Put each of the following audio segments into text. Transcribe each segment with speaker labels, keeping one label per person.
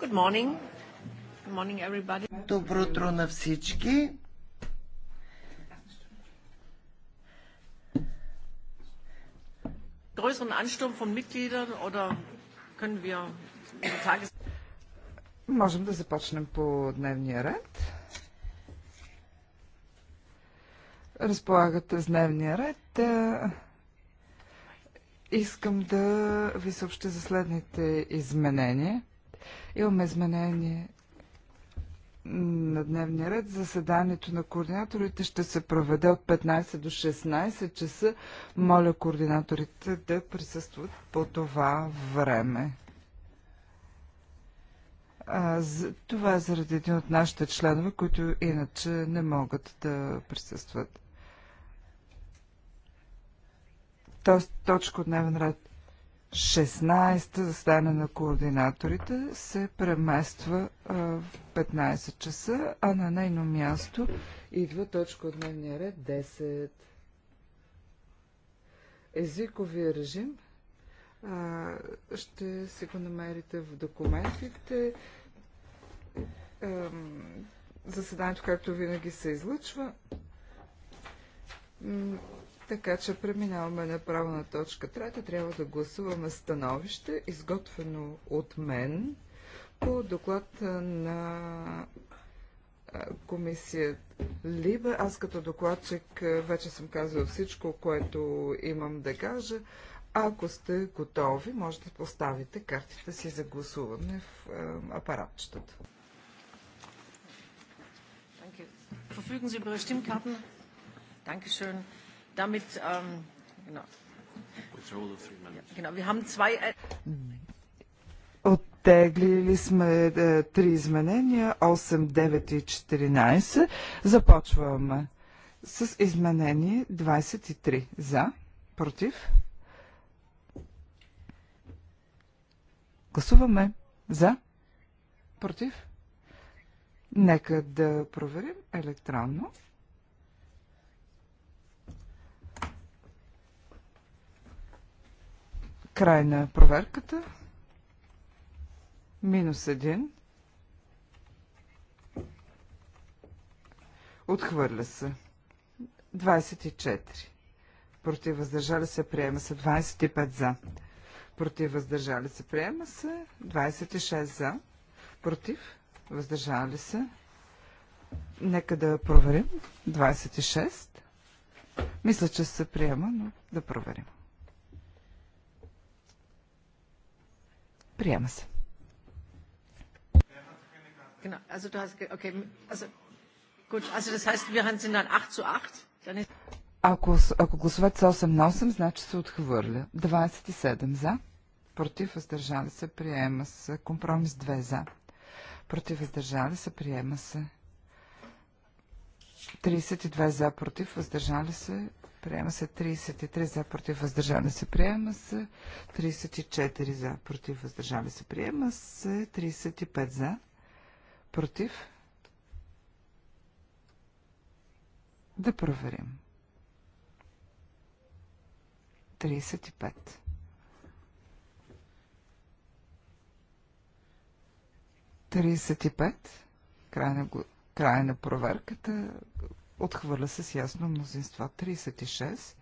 Speaker 1: Good morning. Good morning everybody. Добро утро
Speaker 2: на всички.
Speaker 1: Größeren Ansturm von Mitgliedern oder können wir Tages...
Speaker 3: Можем да започнем по дневния ред. Разполагате с дневния ред. Искам да ви съобща за следните изменения. Имаме изменение на дневния ред. Заседанието на координаторите ще се проведе от 15 до 16 часа. Моля координаторите да присъстват по това време. А, за, това е заради един от нашите членове, които иначе не могат да присъстват. Тоест, точка от дневен ред 16 застане на координаторите се премества в 15 часа, а на нейно място идва точка от дневния ред 10. Езиковия режим а, ще си го намерите в документите. заседанието, както винаги, се излъчва. Така че преминаваме направо на точка трета. Трябва да гласуваме становище, изготвено от мен по доклад на комисия Либе. Аз като докладчик вече съм казала всичко, което имам да кажа. Ако сте готови, може да поставите картите си за гласуване в апаратчетата.
Speaker 1: Verfügen Sie über Ihre Stimmkarten? Dankeschön. Damit, ähm, genau. Genau, wir haben zwei... Äh,
Speaker 3: Оттеглили сме е, три изменения 8, 9 и 14. Започваме с изменение 23. За, против. Гласуваме за, против. Нека да проверим електронно. Край на проверката. Минус един. Отхвърля се. 24. Против въздържали се, приема се 25 за. Против въздържали се, приема се 26 за. Против въздържали се. Нека да проверим. 26. Мисля, че се приема, но да проверим. Приема се. Ако, ако гласовете са 8 на 8, значи се отхвърля. 27 за, против, въздържали се, приема се. Компромис 2 за, против, въздържали се, приема се. 32 за, против, въздържали се, приема се 33 за, против, въздържане се, приема се 34 за, против, въздържане се, приема се 35 за, против. Да проверим. 35. 35. и пет. на проверката. Отхвърля се с ясно мнозинство 36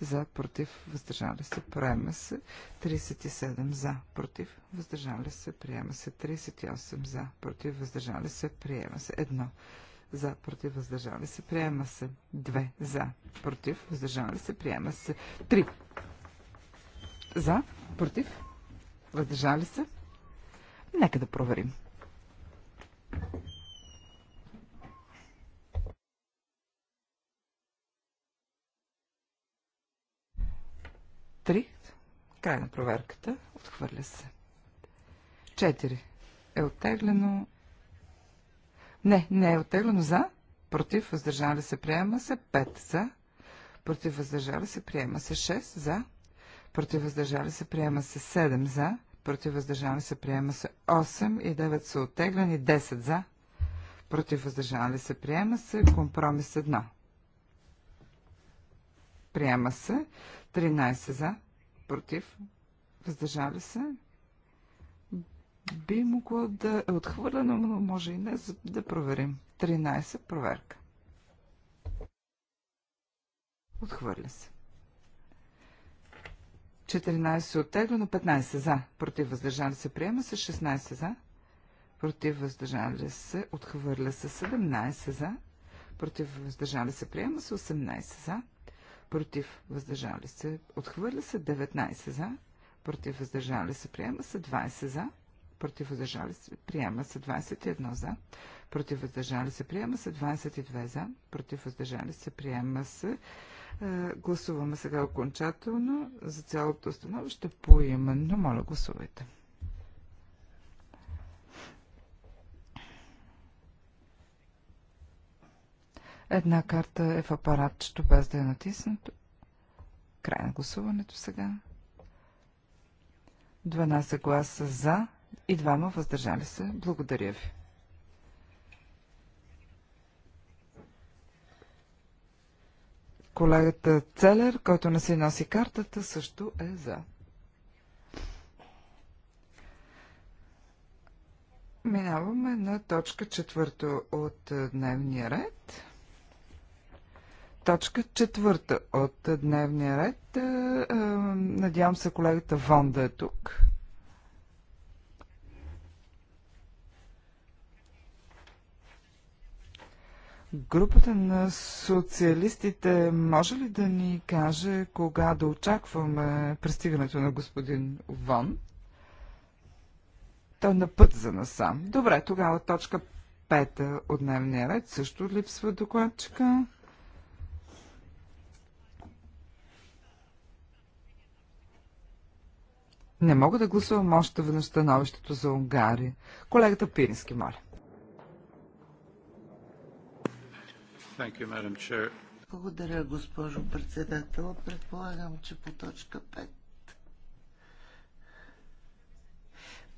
Speaker 3: за, против, въздържали се, приема се 37 за, против, въздържали се, приема се 38 за, против, въздържали се, приема се 1 за, против, въздържали се, приема се 2 за, против, въздържали се, приема се 3 за, против, въздържали се. Нека да проверим. Thank you. 3. Край на проверката. Отхвърля се. 4. Е оттеглено. Не, не е оттеглено за. Против, въздържали се, приема се. 5 за. Против, въздържали се, приема се. 6 за. Против, въздържали се, приема се. 7 за. Против, въздържали се, приема се. 8 и 9 са оттеглени. 10 за. Против, въздържали се, приема се. Компромис 1. Приема се. 13 за, против, въздържали се. Би могло да е отхвърлено, но може и не, за да проверим. 13 проверка. Отхвърля се. 14 е оттеглено, 15 за, против въздържали се, приема се 16 за, против въздържали се, отхвърля се 17 за, против въздържали се, приема се 18 за, против, въздържали се, отхвърля се 19 за, против, въздържали се, приема се 20 за, против, въздържали се, приема се 21 за, против, въздържали се, приема се 22 за, против, въздържали се, приема се. Е, гласуваме сега окончателно за цялото становище по именно. Моля, гласувайте. Една карта е в апаратчето, без да е натиснато. Край на гласуването сега. 12 гласа за и двама въздържали се. Благодаря ви. Колегата Целер, който не си носи картата, също е за. Минаваме на точка четвърто от дневния ред точка четвърта от дневния ред. Е, е, надявам се колегата Вон да е тук. Групата на социалистите може ли да ни каже кога да очакваме пристигането на господин Вон? Той е на път за насам. Добре, тогава точка пета от дневния ред също липсва докладчика. Не мога да гласувам още веднъж становището за Унгария. Колегата Пирински, моля.
Speaker 2: Благодаря, госпожо председател. Предполагам, че по точка 5.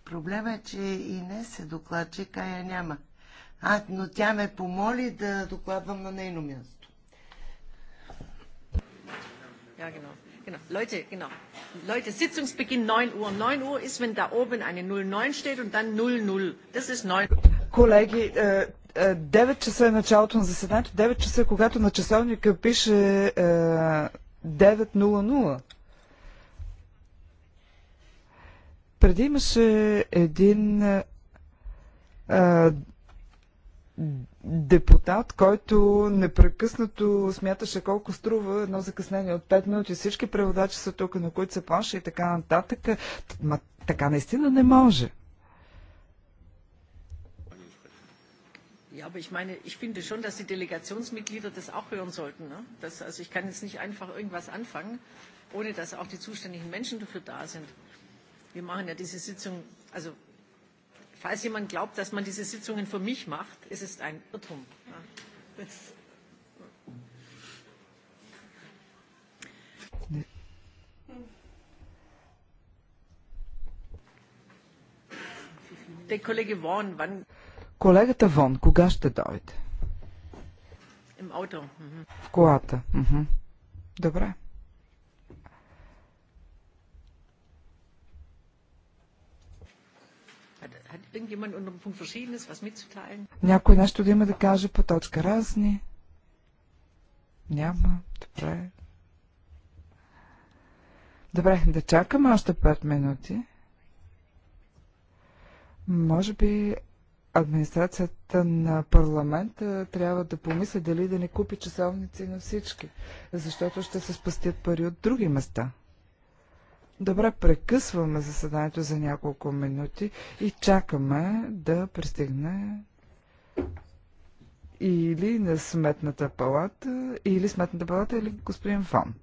Speaker 2: Проблема е, че и не се докладчик, а я няма. А, но тя ме помоли да докладвам на нейно място.
Speaker 1: you know. Genau, Leute, genau. Leute, Sitzungsbeginn 9 Uhr. 9 Uhr ist, wenn da oben eine 09 steht und dann 00. Das ist
Speaker 3: 9 Uhr. Kollege, äh 9 часа е началото на заседанието. 9 часа, е когато на часовника пише 9.00. Преди имаше един депутат, който непрекъснато смяташе колко струва едно закъснение от 5 минути. Всички преводачи са тук, на които се плаща и така нататък. Ма така наистина не може.
Speaker 1: Ja, aber ich meine, ich finde schon, dass die Delegationsmitglieder das auch hören sollten. Ne? Das, also ich kann jetzt nicht einfach irgendwas anfangen, ohne dass auch die zuständigen Menschen dafür da sind. Wir machen ja diese Sitzung, also Falls jemand glaubt, dass man diese Sitzungen für mich macht, es ist ein Irrtum. Der Kollege wann?
Speaker 3: Колегата Вон, кога ще дойде? В колата. Добре. Някой нещо да има да каже по точка разни? Няма. Добре. Добре, да чакаме още 5 минути. Може би администрацията на парламента трябва да помисли дали да не купи часовници на всички, защото ще се спастят пари от други места. Добре, прекъсваме заседанието за няколко минути и чакаме да пристигне или на сметната палата, или сметната палата, или господин Фон.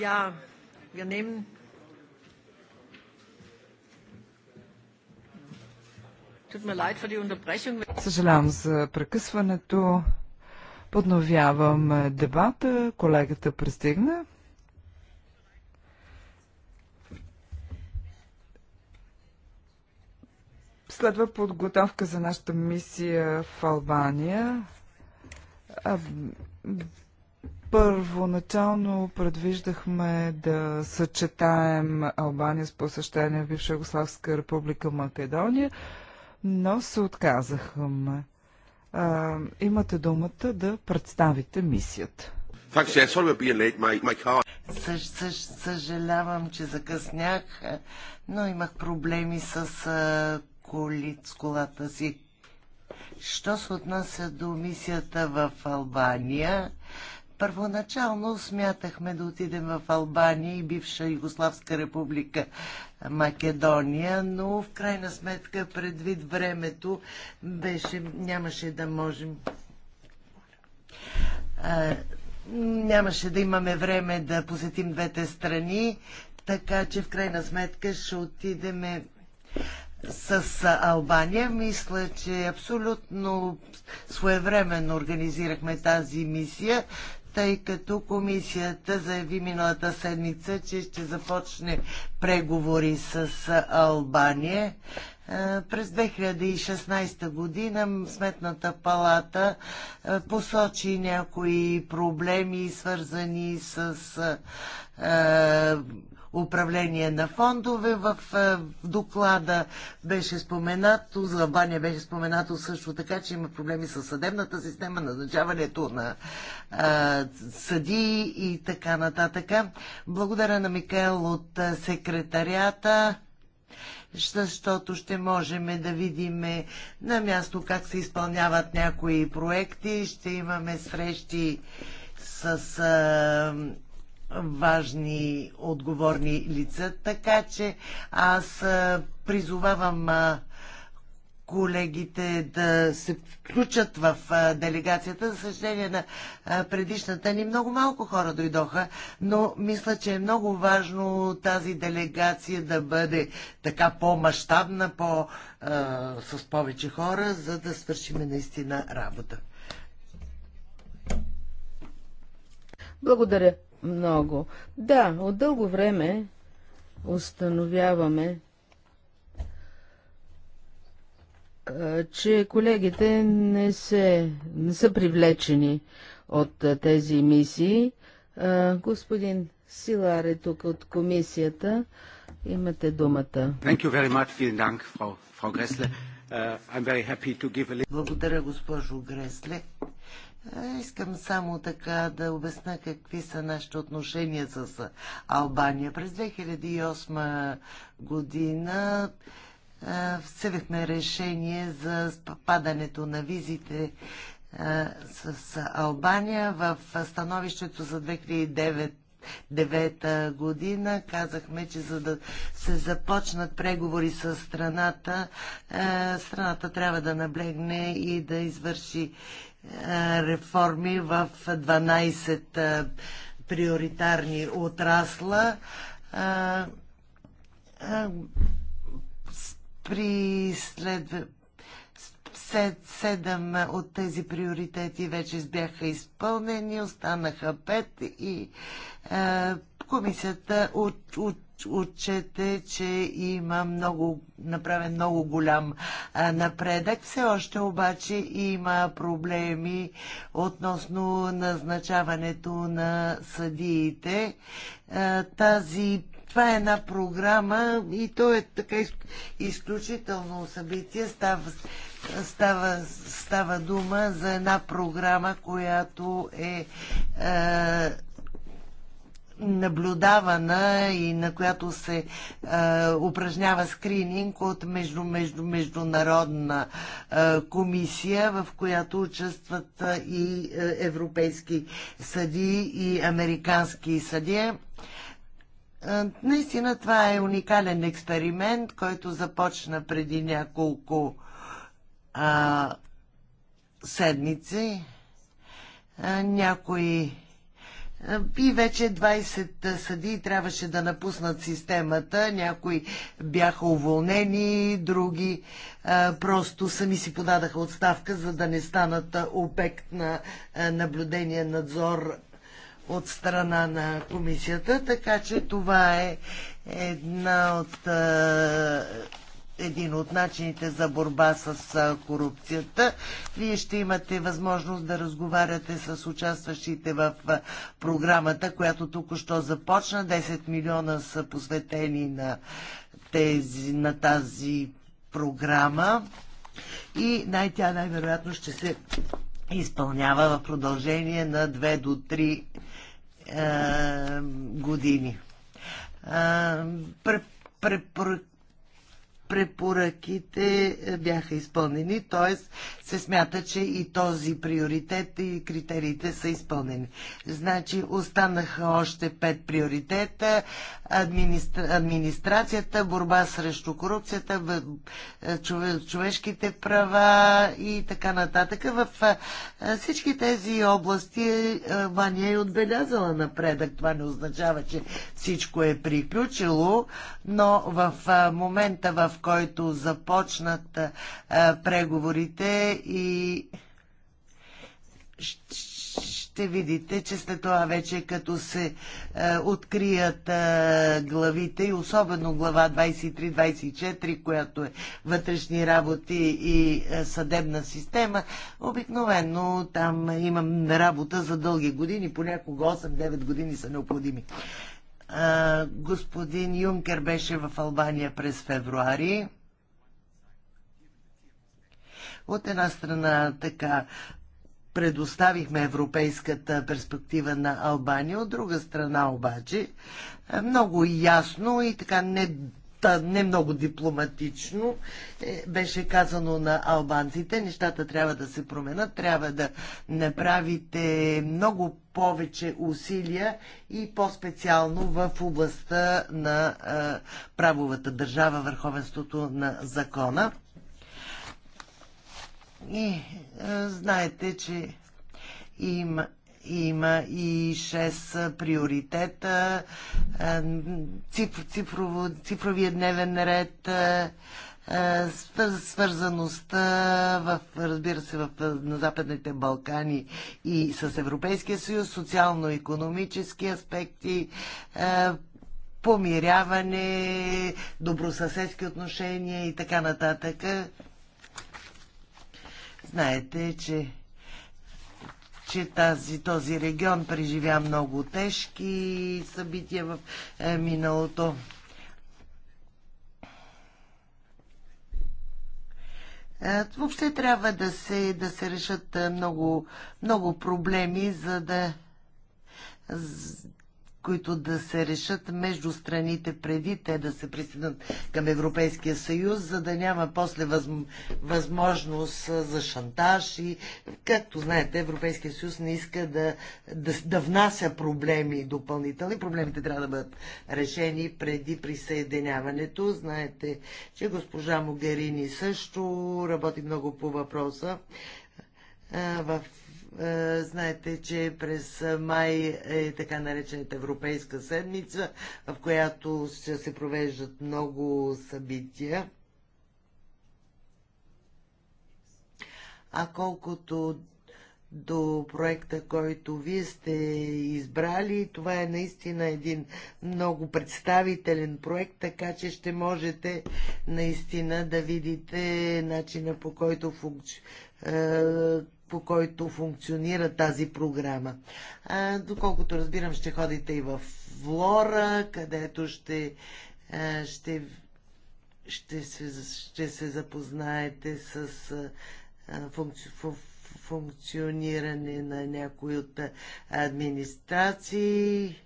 Speaker 1: Ja, wir nehmen. Съжалявам
Speaker 3: за прекъсването. Подновявам е, дебата. Колегата пристигна. Следва подготовка за нашата мисия в Албания. Първоначално предвиждахме да съчетаем Албания с посещение в бивша Югославска република Македония, но се отказахме. А, имате думата да представите мисията. Съж, съж, съжалявам, че
Speaker 2: закъснях, но имах проблеми с, коли, с колата си. Що се отнася до мисията в Албания, Първоначално смятахме да отидем в Албания и бивша Югославска република Македония, но в крайна сметка предвид времето беше, нямаше да можем а, нямаше да имаме време да посетим двете страни, така че в крайна сметка ще отидеме с Албания. Мисля, че абсолютно своевременно организирахме тази мисия, тъй като комисията заяви миналата седмица, че ще започне преговори с Албания. Е, през 2016 година Сметната палата е, посочи някои проблеми, свързани с е, управление на фондове. Е, в доклада беше споменато, за Албания беше споменато също така, че има проблеми с съдебната система, назначаването на а, е, съдии и така нататък. Благодаря на Микел от е, секретарията защото ще можем да видим на място как се изпълняват някои проекти. Ще имаме срещи с а, важни отговорни лица, така че аз призовавам колегите да се включат в делегацията. За съжаление на предишната ни много малко хора дойдоха, но мисля, че е много важно тази делегация да бъде така по-масштабна, по, с повече хора, за да свършим наистина работа.
Speaker 4: Благодаря много. Да, от дълго време установяваме, че колегите не, се, не са привлечени от тези мисии. Господин Силар е тук от комисията. Имате думата.
Speaker 2: Благодаря, госпожо Гресле.
Speaker 4: Искам само
Speaker 2: така да обясна какви са нашите отношения с Албания. През 2008 година взевихме решение за падането на визите с Албания. В становището за 2009 2009 година. Казахме, че за да се започнат преговори с страната, страната трябва да наблегне и да извърши реформи в 12 приоритарни отрасла. При след... Седем от тези приоритети вече бяха изпълнени, останаха пет и комисията от, от, отчете, че има много, направен много голям напредък. Все още обаче има проблеми относно назначаването на съдиите. Тази това е една програма и то е така изключително събитие. Става, става, става дума за една програма, която е, е наблюдавана и на която се е, упражнява скрининг от между, между, международна е, комисия, в която участват е, и европейски съди и американски съди, Наистина това е уникален експеримент, който започна преди няколко а, седмици. А, някои и вече 20 съдии трябваше да напуснат системата. Някои бяха уволнени, други а, просто сами си подадаха отставка, за да не станат обект на а, наблюдение, надзор от страна на комисията. Така че това е една от а, един от начините за борба с корупцията. Вие ще имате възможност да разговаряте с участващите в програмата, която тук-що започна. 10 милиона са посветени на, тези, на тази програма и най- тя най-вероятно ще се изпълнява в продължение на 2 до 3 е, години. Е, препоръките е, бяха изпълнени, т.е се смята, че и този приоритет и критериите са изпълнени. Значи останаха още пет приоритета. Администра... Администрацията, борба срещу корупцията, е, човешките права и така нататък. В е, всички тези области Ваня е, е отбелязала напредък. Това не означава, че всичко е приключило, но в момента, в който започнат преговорите, и ще видите, че след това вече като се е, открият е, главите и особено глава 23-24, която е вътрешни работи и е, съдебна система, обикновено там имам работа за дълги години, понякога 8-9 години са необходими. Е, господин Юнкер беше в Албания през февруари. От една страна така предоставихме европейската перспектива на Албания, от друга страна обаче е, много ясно и така не та, не много дипломатично е, беше казано на албанците, нещата трябва да се променят, трябва да направите много повече усилия и по-специално в областта на е, правовата държава, върховенството на закона. И а, знаете, че има, има и 6 приоритета, циф, цифрово, цифровия дневен ред, свързаността в, разбира се, в, на Западните Балкани и с Европейския съюз, социално-економически аспекти, помиряване, добросъседски отношения и така нататък. Знаете, че, че тази, този регион преживя много тежки събития в е, миналото. Е, въобще трябва да се, да се решат е, много, много проблеми, за да които да се решат между страните преди те да се присъединят към Европейския съюз, за да няма после възм... възможност за шантаж и, както знаете, Европейския съюз не иска да, да, да внася проблеми допълнителни. Проблемите трябва да бъдат решени преди присъединяването. Знаете, че госпожа Могерини също работи много по въпроса в е, знаете, че през май е така наречената Европейска седмица, в която ще се провеждат много събития. А колкото до проекта, който вие сте избрали. Това е наистина един много представителен проект, така че ще можете наистина да видите начина по който функци... Е, по който функционира тази програма. А, доколкото разбирам, ще ходите и в Лора, където ще, а, ще, ще, се, ще се запознаете с а, функци, функциониране на някои от администрации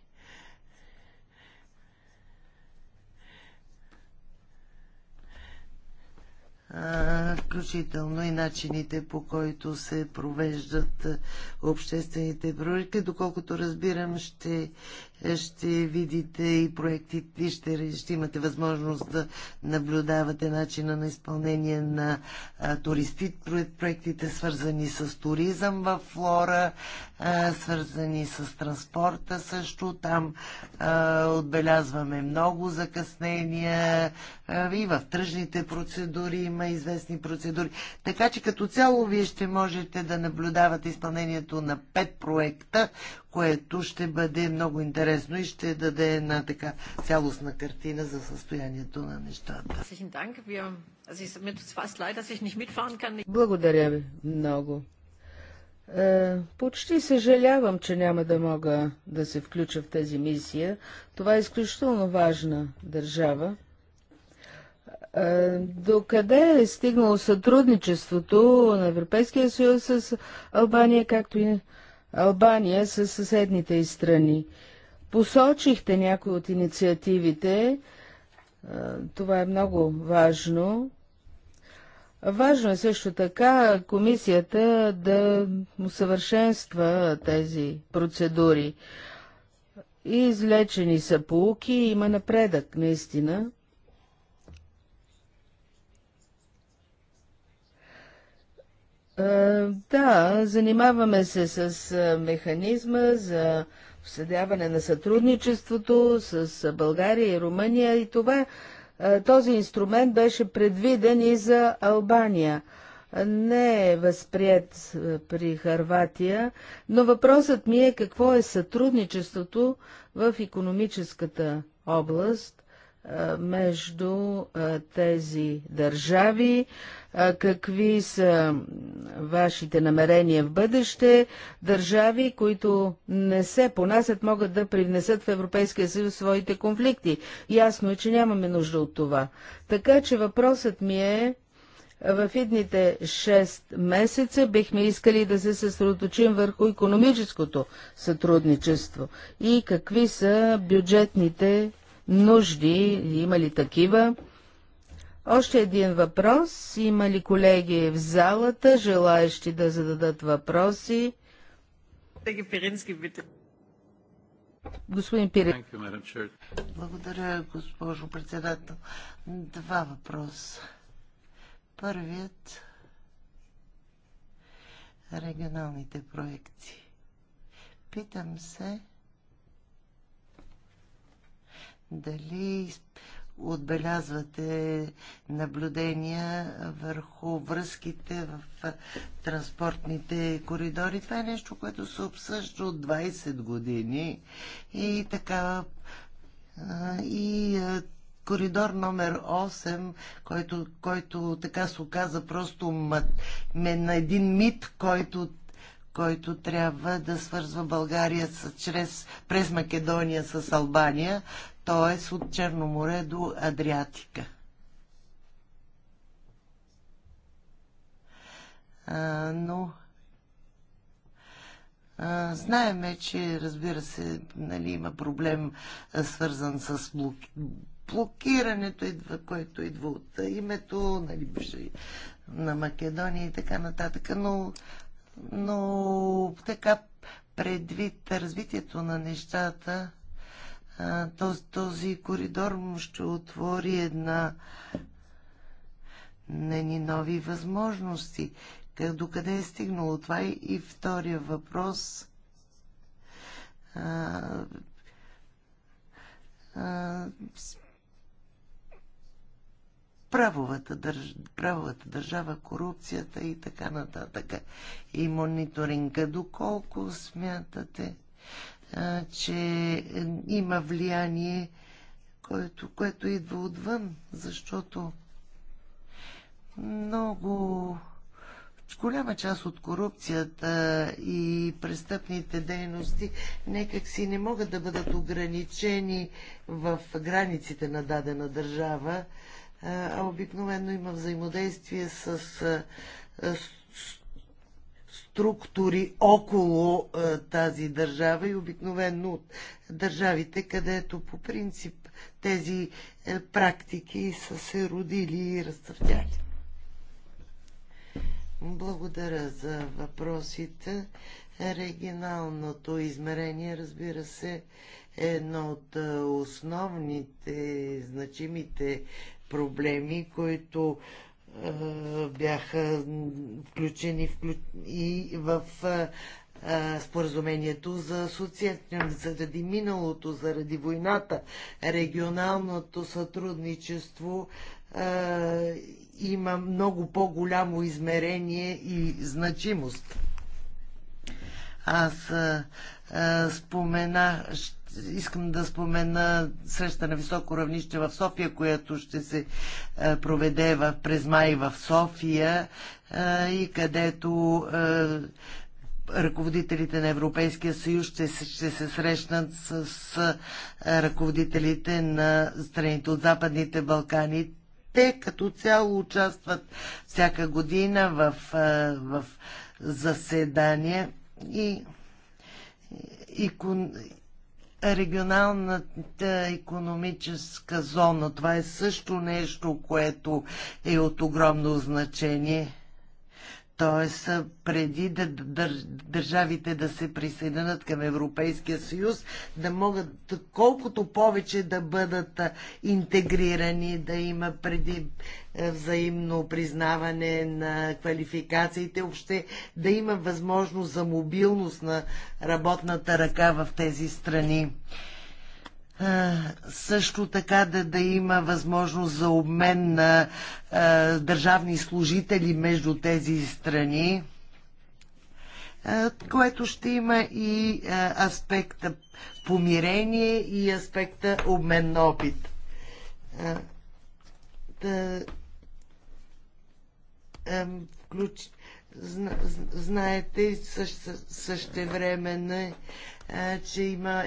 Speaker 2: включително и начините по които се провеждат обществените проверки. Доколкото разбирам, ще ще видите и проектите, ще, ще имате възможност да наблюдавате начина на изпълнение на туристи, проектите свързани с туризъм в Флора, свързани с транспорта също. Там отбелязваме много закъснения и в тръжните процедури има известни процедури. Така че като цяло вие ще можете да наблюдавате изпълнението на пет проекта, което ще бъде много интересно и ще даде една така цялостна картина
Speaker 4: за състоянието на нещата. Благодаря ви много. Е, почти съжалявам, че няма да мога да се включа в тази мисия. Това е изключително важна държава. Е, До къде е стигнало сътрудничеството на Европейския съюз с Албания, както и Албания с съседните и страни. Посочихте някои от инициативите, това е много важно. Важно е също така комисията да усъвършенства тези процедури. И са полуки, има напредък, наистина. Е, да, занимаваме се с е, механизма за обсъдяване на сътрудничеството с е, България и Румъния и това, този инструмент беше предвиден и за Албания. Не е възприят при Харватия, но въпросът ми е какво е сътрудничеството в економическата област между тези държави, какви са вашите намерения в бъдеще. Държави, които не се понасят, могат да привнесат в Европейския съюз своите конфликти. Ясно е, че нямаме нужда от това. Така че въпросът ми е, в идните 6 месеца бихме искали да се съсредоточим върху економическото сътрудничество и какви са бюджетните нужди, има ли такива. Още един въпрос. Има ли колеги в залата, желаещи да зададат въпроси?
Speaker 1: Пирински,
Speaker 2: бите.
Speaker 4: Господин Пирин. Благодаря, госпожо
Speaker 2: председател. Два въпроса. Първият регионалните проекции. Питам се, дали отбелязвате наблюдения върху връзките в транспортните коридори. Това е нещо, което се обсъжда от 20 години и така и коридор номер 8, който, който така се оказа просто мът, на един мит, който който трябва да свързва България с, чрез, през Македония с Албания т.е. от Черно море до Адриатика. А, но а, знаеме, че разбира се, нали, има проблем свързан с блокирането, идва, което идва от името нали, на Македония и така нататък. Но, но така предвид развитието на нещата, този, този коридор му ще отвори една на ни нови възможности. Как, докъде е стигнало това и, е и втория въпрос. А, а, правовата, държ... правовата държава, корупцията и така нататък. И мониторинга. Доколко смятате, че е, има влияние, което, което идва отвън, защото много голяма част от корупцията и престъпните дейности некак си не могат да бъдат ограничени в границите на дадена държава, а обикновено има взаимодействие с структури около а, е, тази държава и обикновено от държавите, където по принцип тези а, е, практики са се родили и разцъфтяли. Благодаря за въпросите. Регионалното измерение, разбира се, е едно от е, основните, значимите проблеми, които бяха включени и в споразумението за асоциация. Заради миналото, заради войната, регионалното сътрудничество а, има много по-голямо измерение и значимост. Аз а, споменах искам да спомена среща на високо равнище в София, която ще се е, проведе в, през май в София е, и където е, ръководителите на Европейския съюз ще, ще се срещнат с, с ръководителите на страните от Западните Балкани. Те като цяло участват всяка година в, в заседания и, и, и регионалната економическа зона. Това е също нещо, което е от огромно значение. Тоест, преди да държавите да се присъединят към Европейския съюз, да могат колкото повече да бъдат интегрирани, да има преди взаимно признаване на квалификациите, въобще да има възможност за мобилност на работната ръка в тези страни също така да, да има възможност за обмен на а, държавни служители между тези страни, а, което ще има и а, аспекта помирение и аспекта обмен на опит. А, да, а, включ, зна, знаете, също, същевременно е, че има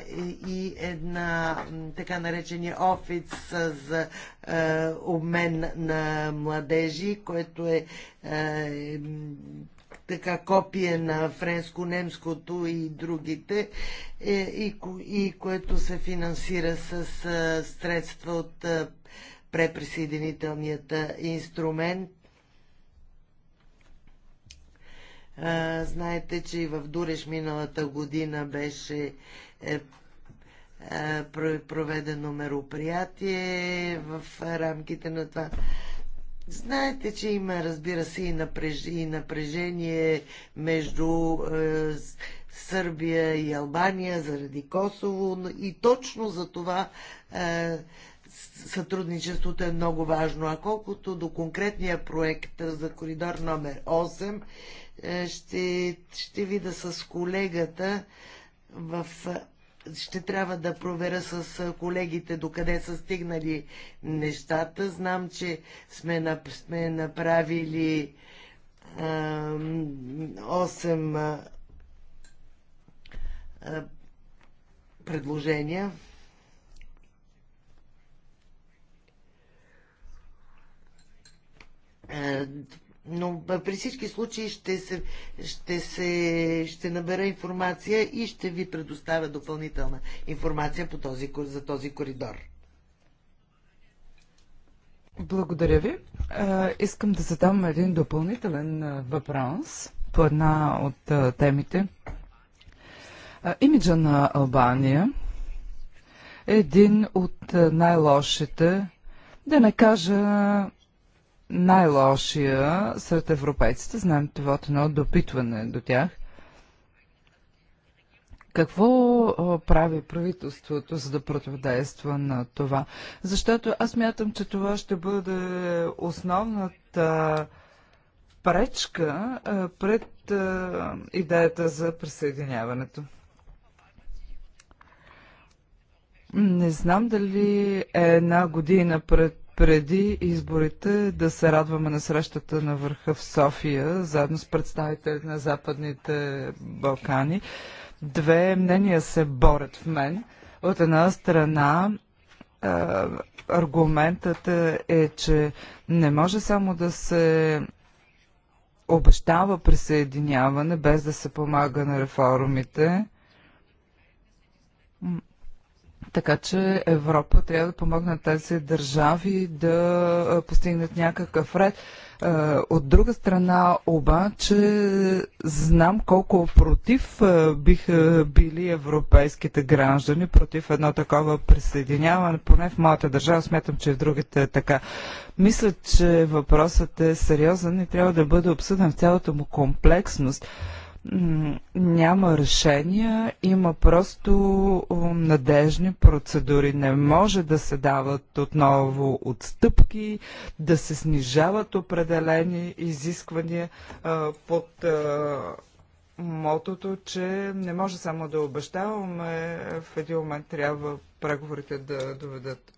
Speaker 2: и една така наречения офис за е, обмен на младежи, което е, е така копие на френско-немското и другите, и, и което се финансира с средства от преприсъединителният инструмент А, знаете, че и в Дуреш миналата година беше е, е, проведено мероприятие в рамките на това. Знаете, че има, разбира се, и, напреж... и напрежение между е, Сърбия и Албания заради Косово и точно за това е, сътрудничеството е много важно. А колкото до конкретния проект за коридор номер 8, е, ще, ще вида с колегата в ще трябва да проверя с колегите докъде са стигнали нещата. Знам, че сме, нап, сме направили а, 8 а, предложения. Е, но при всички случаи ще, се, ще, се, ще набера информация и ще ви предоставя допълнителна информация по този, за този коридор.
Speaker 3: Благодаря ви. искам да задам един допълнителен въпрос по една от темите. имиджа на Албания е един от най-лошите, да не кажа най-лошия сред европейците. Знаем това от едно допитване до тях. Какво прави правителството, за да противодейства на това? Защото аз мятам, че това ще бъде основната пречка пред идеята за присъединяването. Не знам дали е една година пред преди изборите да се радваме на срещата на върха в София, заедно с представители на Западните Балкани. Две мнения се борят в мен. От една страна, аргументът е, че не може само да се обещава присъединяване, без да се помага на реформите. Така че Европа трябва да помогне на тези държави да постигнат някакъв ред. От друга страна обаче знам колко против биха били европейските граждани против едно такова присъединяване, поне в моята държава, смятам, че в другите е така. Мисля, че въпросът е сериозен и трябва да бъде обсъден в цялата му комплексност няма решения, има просто надежни процедури. Не може да се дават отново отстъпки, да се снижават определени изисквания а, под а, мотото, че не може само да обещаваме, в един момент трябва преговорите да доведат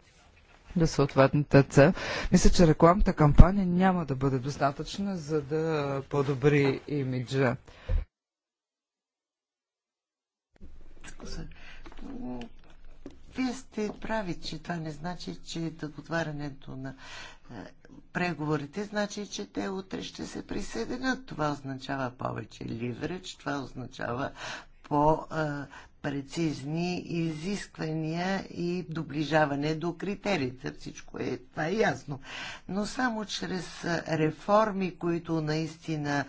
Speaker 3: до съответната цел. Мисля, че рекламната кампания няма да бъде достатъчна, за да подобри имиджа.
Speaker 2: Вие сте прави, че това не значи, че отварянето на е, преговорите, значи, че те утре ще се присъединят. Това означава повече ливреч, това означава по-прецизни изисквания и доближаване до критериите. Всичко е, това е ясно. Но само чрез реформи, които наистина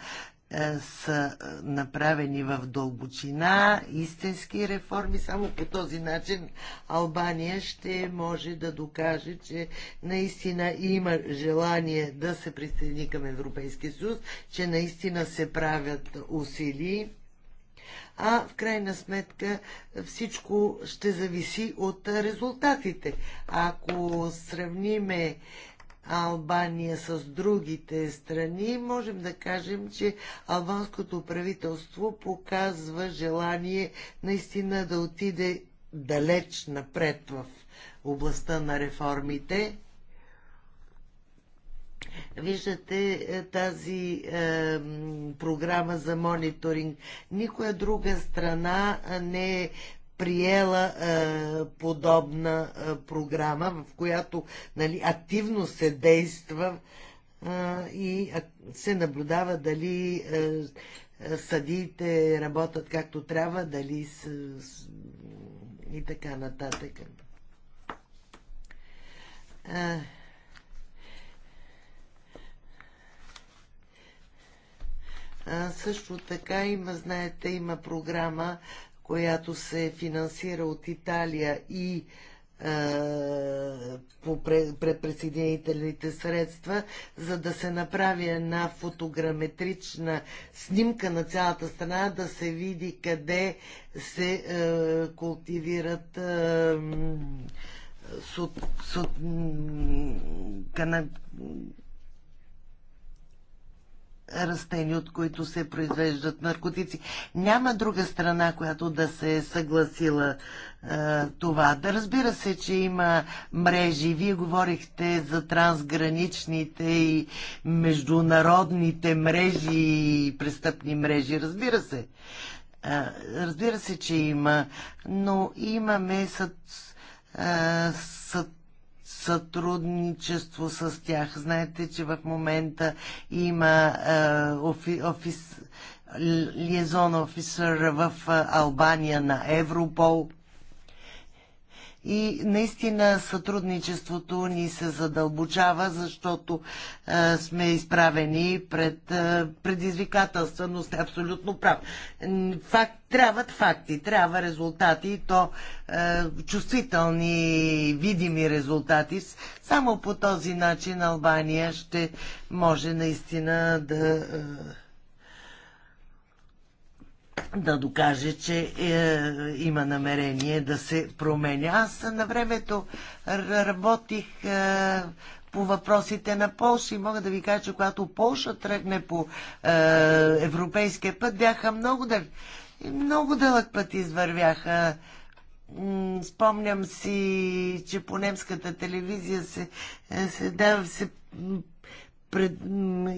Speaker 2: е, са е, направени в дълбочина, истински реформи. Само по този начин Албания ще може да докаже, че наистина има желание да се присъедини към Европейския съюз, че наистина се правят усилия. А в крайна сметка всичко ще зависи от резултатите. Ако сравниме Албания с другите страни, можем да кажем, че албанското правителство показва желание наистина да отиде далеч напред в областта на реформите. Виждате е, тази е, програма за мониторинг. Никоя друга страна е, не е приела е, подобна е, програма, в която нали, активно се действа е, и се наблюдава дали е, е, съдиите работят както трябва, дали с, с, и така нататък. Е, също така има, знаете, има програма която се финансира от Италия и по предприсъединителните средства, за да се направи една фотограметрична снимка на цялата страна, да се види къде се е, култивират е, суд, суд, кана, растения, от които се произвеждат наркотици. Няма друга страна, която да се е съгласила е, това. Да разбира се, че има мрежи. Вие говорихте за трансграничните и международните мрежи и престъпни мрежи. Разбира се. Е, разбира се, че има, но имаме съд, е, съд сътрудничество с тях. Знаете, че в момента има е, лизон офисър в е, Албания на Европол. И наистина сътрудничеството ни се задълбочава, защото е, сме изправени пред е, предизвикателства, но сте абсолютно прав. Факт, трябват факти, трябва резултати, и то е, чувствителни, видими резултати. Само по този начин Албания ще може наистина да. Е, да докаже, че е, има намерение да се променя. Аз на времето работих е, по въпросите на Полша и мога да ви кажа, че когато Полша тръгне по е, европейския път, бяха много, дъл... много дълъг път извървяха. Спомням си, че по немската телевизия се, е, се, да, се пред,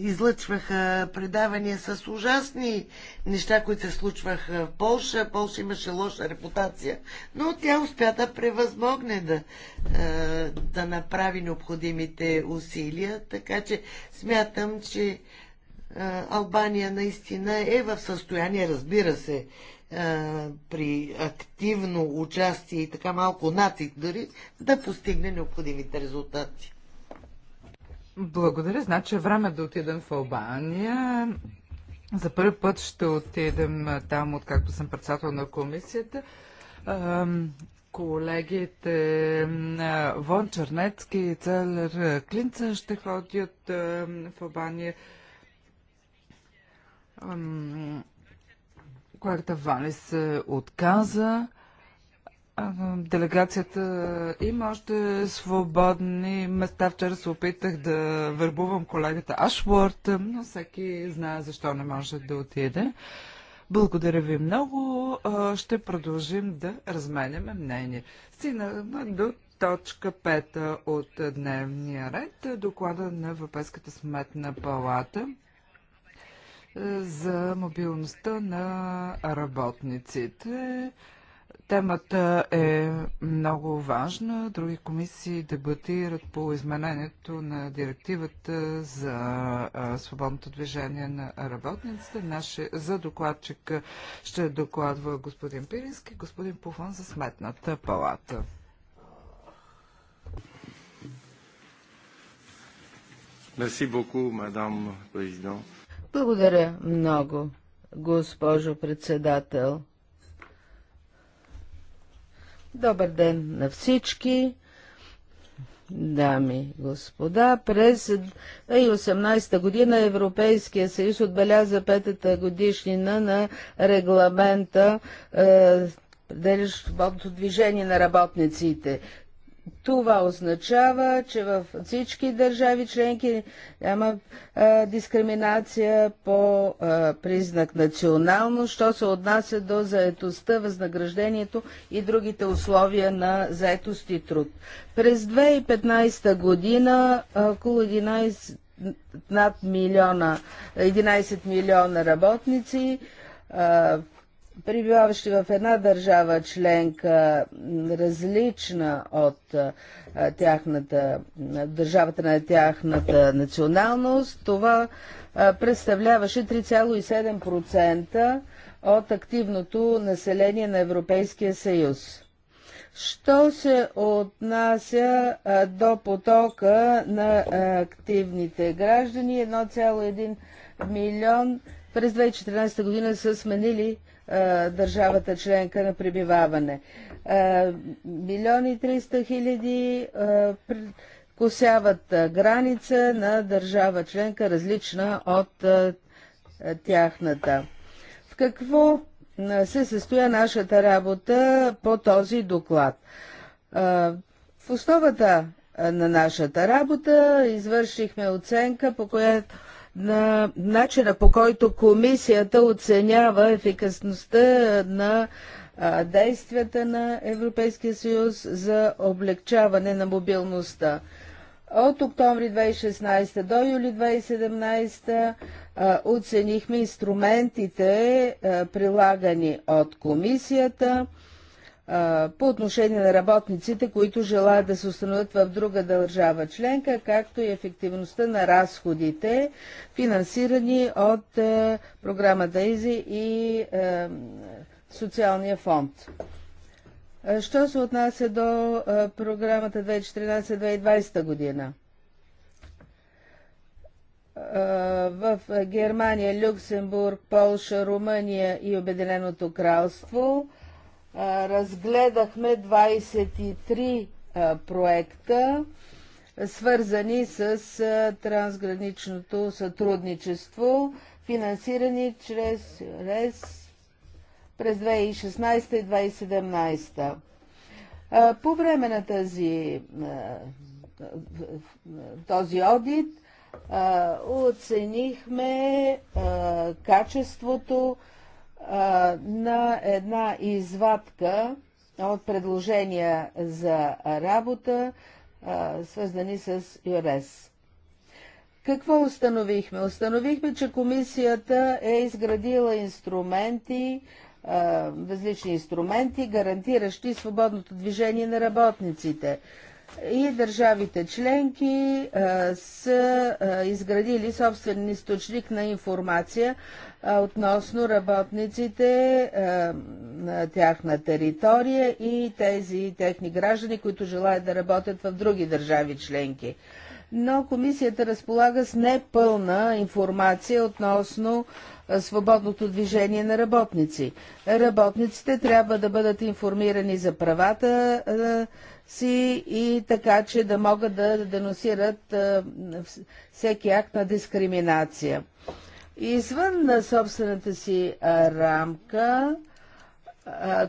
Speaker 2: излъчваха предавания с ужасни неща, които се случваха в Полша. Полша имаше лоша репутация, но тя успя да превъзмогне да, да направи необходимите усилия, така че смятам, че Албания наистина е в състояние, разбира се, при активно участие и така малко нацик дори, да постигне необходимите резултати.
Speaker 3: Благодаря. Значи е време да отидем в Албания. За първи път ще отидем там, откакто съм председател на комисията. Колегите Вон Чернецки и Целер Клинца ще ходят в Албания. Колегата Вали се отказа. Делегацията има още свободни места. Вчера се опитах да върбувам колегата Ашворд, но всеки знае защо не може да отиде. Благодаря ви много. Ще продължим да разменяме мнение. Стигнахме до точка 5 от дневния ред, доклада на Европейската сметна палата за мобилността на работниците. Темата е много важна. Други комисии дебатират по изменението на директивата за свободното движение на работниците. Наше, за докладчик ще докладва господин Пирински, господин Пуфан за сметната палата.
Speaker 4: Благодаря много, госпожо председател. Добър ден на всички, дами и господа. През 2018 година Европейския съюз отбеляза петата годишнина на регламента е, определящ свободното движение на работниците. Това означава, че в всички държави членки няма а, дискриминация по а, признак национално, що се отнася до заетостта, възнаграждението и другите условия на заетост и труд. През 2015 година около 11 над милиона, 11 милиона работници а, прибиваващи в една държава членка, различна от тяхната, държавата на тяхната националност, това представляваше 3,7% от активното население на Европейския съюз. Що се отнася до потока на активните граждани, 1,1 милион през 2014 година са сменили държавата членка на пребиваване. Милиони 300 хиляди косяват граница на държава членка, различна от тяхната. В какво се състоя нашата работа по този доклад? В основата на нашата работа извършихме оценка, по която на начина по който комисията оценява ефикасността на действията на Европейския съюз за облегчаване на мобилността. От октомври 2016 до юли 2017 оценихме инструментите, прилагани от комисията по отношение на работниците, които желаят да се установят в друга държава членка, както и ефективността на разходите, финансирани от програмата ЕЗИ и социалния фонд. Що се отнася до програмата 2014-2020 година? В Германия, Люксембург, Полша, Румъния и Обединеното кралство – разгледахме 23 проекта, свързани с трансграничното сътрудничество, финансирани чрез РЕС през 2016 и 2017. По време на тази, този одит оценихме качеството, а, на една извадка от предложения за работа, а, свързани с ЮРЕС. Какво установихме? Установихме, че комисията е изградила инструменти, а, различни инструменти, гарантиращи свободното движение на работниците и държавите членки а, са а, изградили собствен източник на информация а, относно работниците на тяхна територия и тези техни граждани, които желаят да работят в други държави членки. Но комисията разполага с непълна информация относно свободното движение на работници. Работниците трябва да бъдат информирани за правата си и така, че да могат да деносират всеки акт на дискриминация. Извън на собствената си рамка,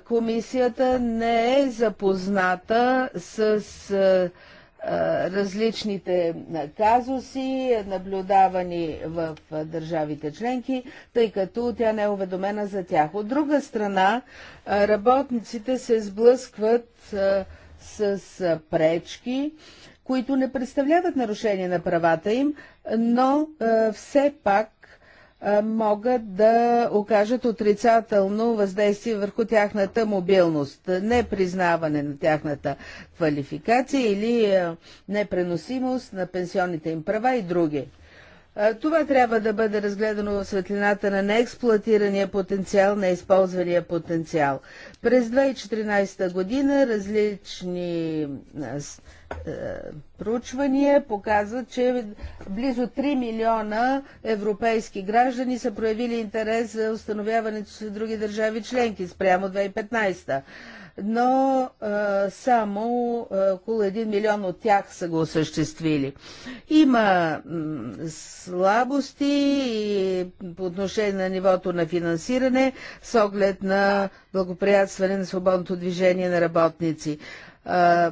Speaker 4: комисията не е запозната с различните казуси, наблюдавани в държавите членки, тъй като тя не е уведомена за тях. От друга страна, работниците се сблъскват с пречки, които не представляват нарушение на правата им, но все пак могат да окажат отрицателно въздействие върху тяхната мобилност, непризнаване на тяхната квалификация или непреносимост на пенсионните им права и други. Това трябва да бъде разгледано в светлината на неексплуатирания потенциал, на използвания потенциал. През 2014 година различни проучвания показват, че близо 3 милиона европейски граждани са проявили интерес за установяването си в други държави членки спрямо 2015 но а, само а, около 1 милион от тях са го осъществили. Има слабости и по отношение на нивото на финансиране с оглед на благоприятстване на свободното движение на работници. А,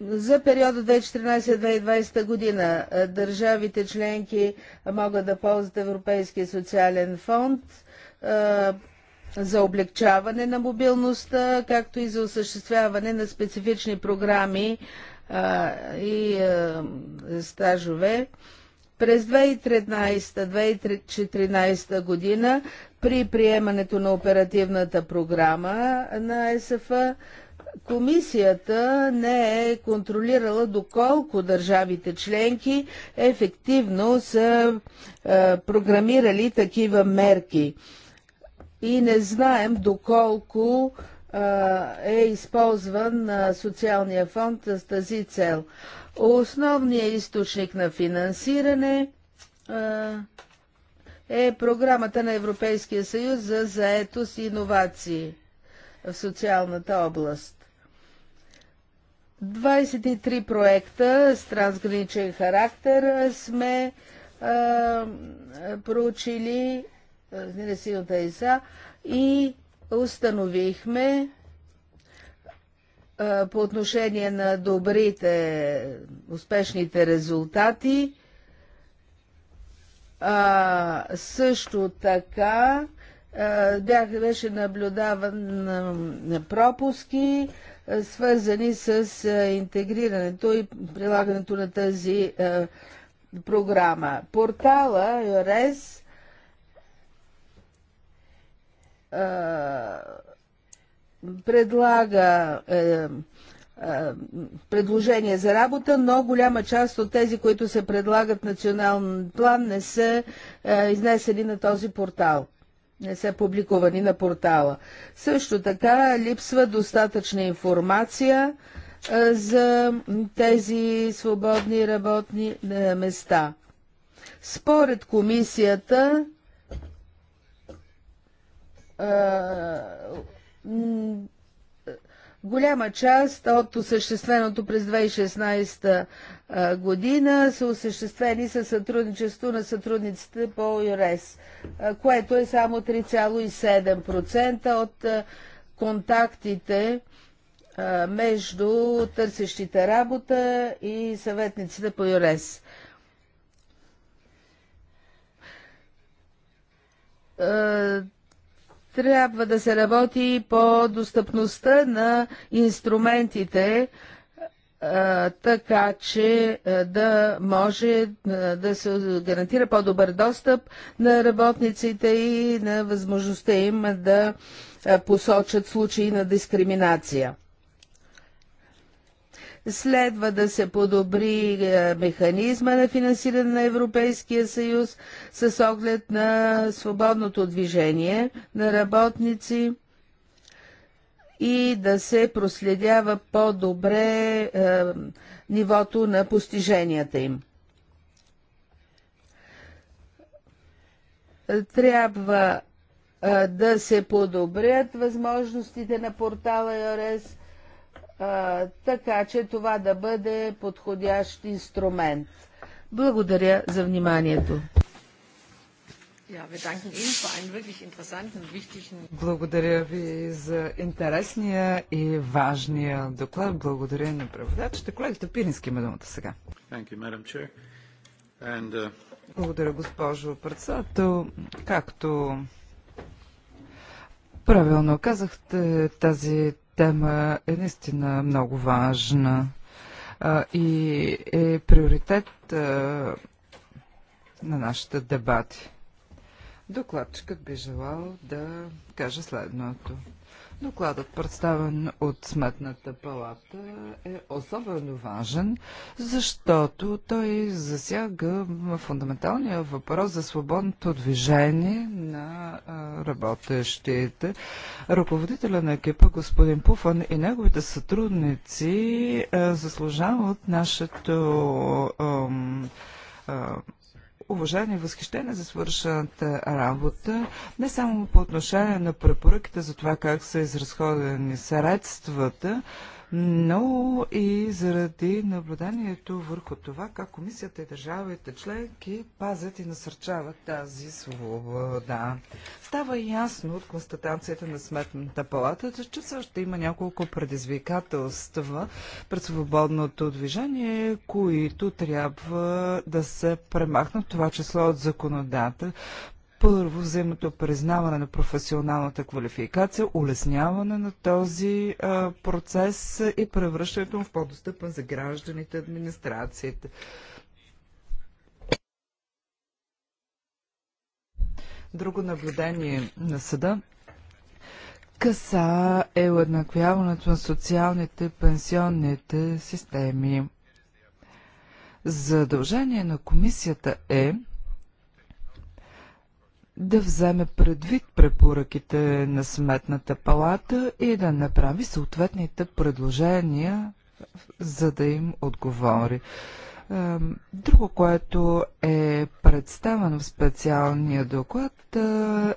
Speaker 4: за периода 2014-2020 година държавите членки могат да ползват Европейския социален фонд за облегчаване на мобилността, както и за осъществяване на специфични програми а, и а, стажове. През 2013-2014 година при приемането на оперативната програма на СФ, комисията не е контролирала доколко държавите членки ефективно са а, програмирали такива мерки и не знаем доколко е използван социалния фонд с тази цел. Основният източник на финансиране е програмата на Европейския съюз за заетост и иновации в социалната област. 23 проекта с трансграничен характер сме а, проучили на ИСА е и установихме по отношение на добрите, успешните резултати, а, също така а, бях, беше наблюдаван на пропуски, а, свързани с а, интегрирането и прилагането на тази а, програма. Портала ЮРЕС предлага е, предложения за работа, но голяма част от тези, които се предлагат национален план, не са е, изнесени на този портал. Не са публикувани на портала. Също така липсва достатъчна информация е, за тези свободни работни места. Според комисията, Голяма част от осъщественото през 2016 година са осъществени със сътрудничество на сътрудниците по ЮРЕС, което е само 3,7% от контактите между търсещите работа и съветниците по ЮРЕС. Трябва да се работи по достъпността на инструментите, така че да може да се гарантира по-добър достъп на работниците и на възможността им да посочат случаи на дискриминация. Следва да се подобри е, механизма на финансиране на Европейския съюз с оглед на свободното движение на работници и да се проследява по-добре е, нивото на постиженията им. Трябва е, да се подобрят възможностите на портала ЕРС а, така че това да бъде подходящ инструмент. Благодаря за вниманието. Благодаря ви за интересния
Speaker 3: и важния доклад. Благодаря на преводачите. Колегата Пирински има думата сега. Uh, Благодаря, госпожо председател. Както правилно казахте, тази тема е наистина много важна а, и е приоритет а, на нашите дебати. Докладчикът би желал да каже следното. Докладът, представен от Сметната палата, е особено важен, защото той засяга фундаменталния въпрос за свободното движение на работещите. Ръководителя на екипа, господин Пуфан и неговите сътрудници заслужават нашето уважение и възхищение за свършената работа, не само по отношение на препоръките за това как са изразходени средствата, но и заради наблюдението върху това, как комисията и държавите членки пазят и насърчават тази свобода. Става ясно от констатацията на Сметната палата, че също има няколко предизвикателства пред свободното движение, които трябва да се премахнат, това число от законодател, първо, взаимното признаване на професионалната квалификация, улесняване на този а, процес и превръщането му в по-достъпен за гражданите, администрацията. Друго наблюдение на съда каса е уеднаквяването на социалните и пенсионните системи. Задължение на комисията е да вземе предвид препоръките на Сметната палата и да направи съответните предложения, за да им отговори. Друго, което е представено в специалния доклад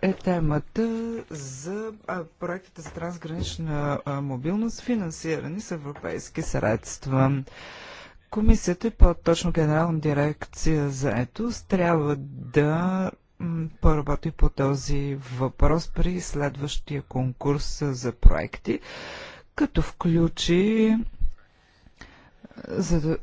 Speaker 3: е темата за проектите за трансгранична мобилност, финансирани с европейски средства. Комисията и по-точно Генерална дирекция за етос трябва да поработи по този въпрос при следващия конкурс за проекти, като включи е, за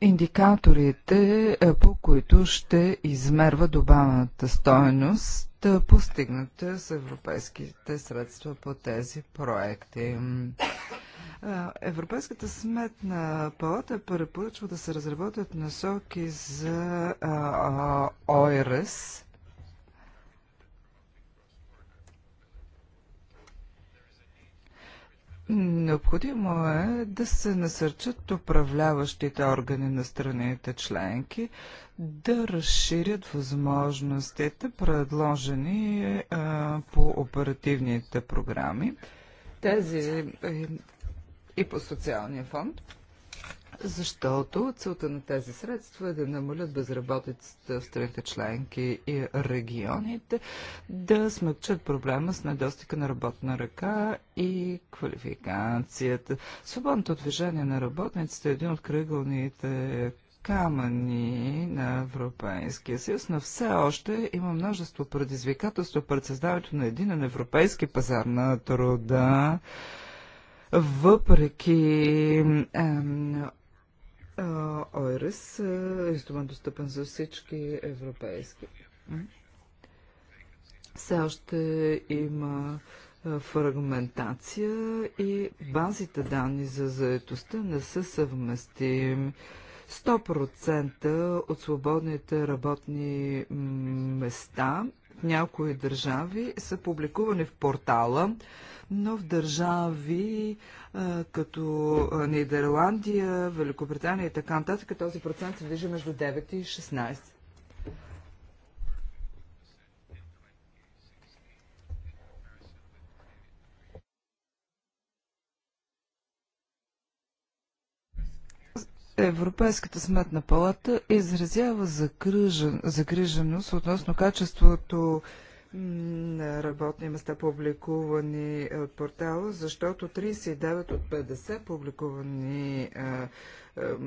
Speaker 3: индикаторите, е, по които ще измерва добавената стоеност, е, постигната с европейските средства по тези проекти. Европейската сметна палата препоръчва да се разработят насоки за ОИРЕС Необходимо е да се насърчат управляващите органи на страните членки да разширят възможностите, предложени а, по оперативните програми, тези и, и по социалния фонд защото целта на тези средства е да намалят безработицата в страните членки и регионите, да смъкчат проблема с недостига на работна ръка и квалификацията. Свободното движение на работниците е един от кръгълните камъни на Европейския съюз, но все още има множество предизвикателства пред създаването на един европейски пазар на труда въпреки ОРС инструмент достъпен за всички европейски. Все още има фрагментация и базите данни за заетостта не са съвместими. 100% от свободните работни места някои държави са публикувани в портала, но в държави като Нидерландия, Великобритания и така нататък този процент се движи между 9 и 16. Европейската сметна палата изразява загриженост относно качеството на работни места, публикувани е, от портала, защото 39 от 50 публикувани е,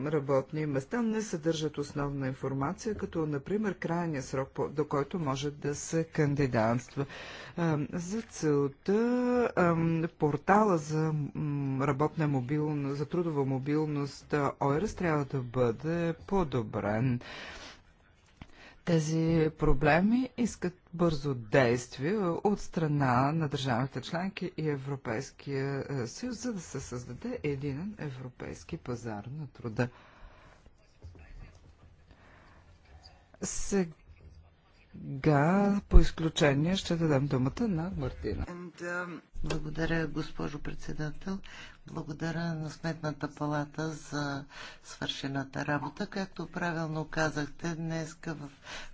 Speaker 3: работни места не съдържат основна информация, като например крайния срок, до който може да се кандидатства. За целта портала за работна мобилност, за трудова мобилност ОРС трябва да бъде подобрен. Тези проблеми искат бързо действие от страна на държавните членки и Европейския е, съюз, за да се създаде един европейски пазар на труда. Сега по изключение ще дадем думата на Мартина. And, um... Благодаря, госпожо председател.
Speaker 2: Благодаря на Сметната палата за свършената работа. Както правилно казахте, днеска в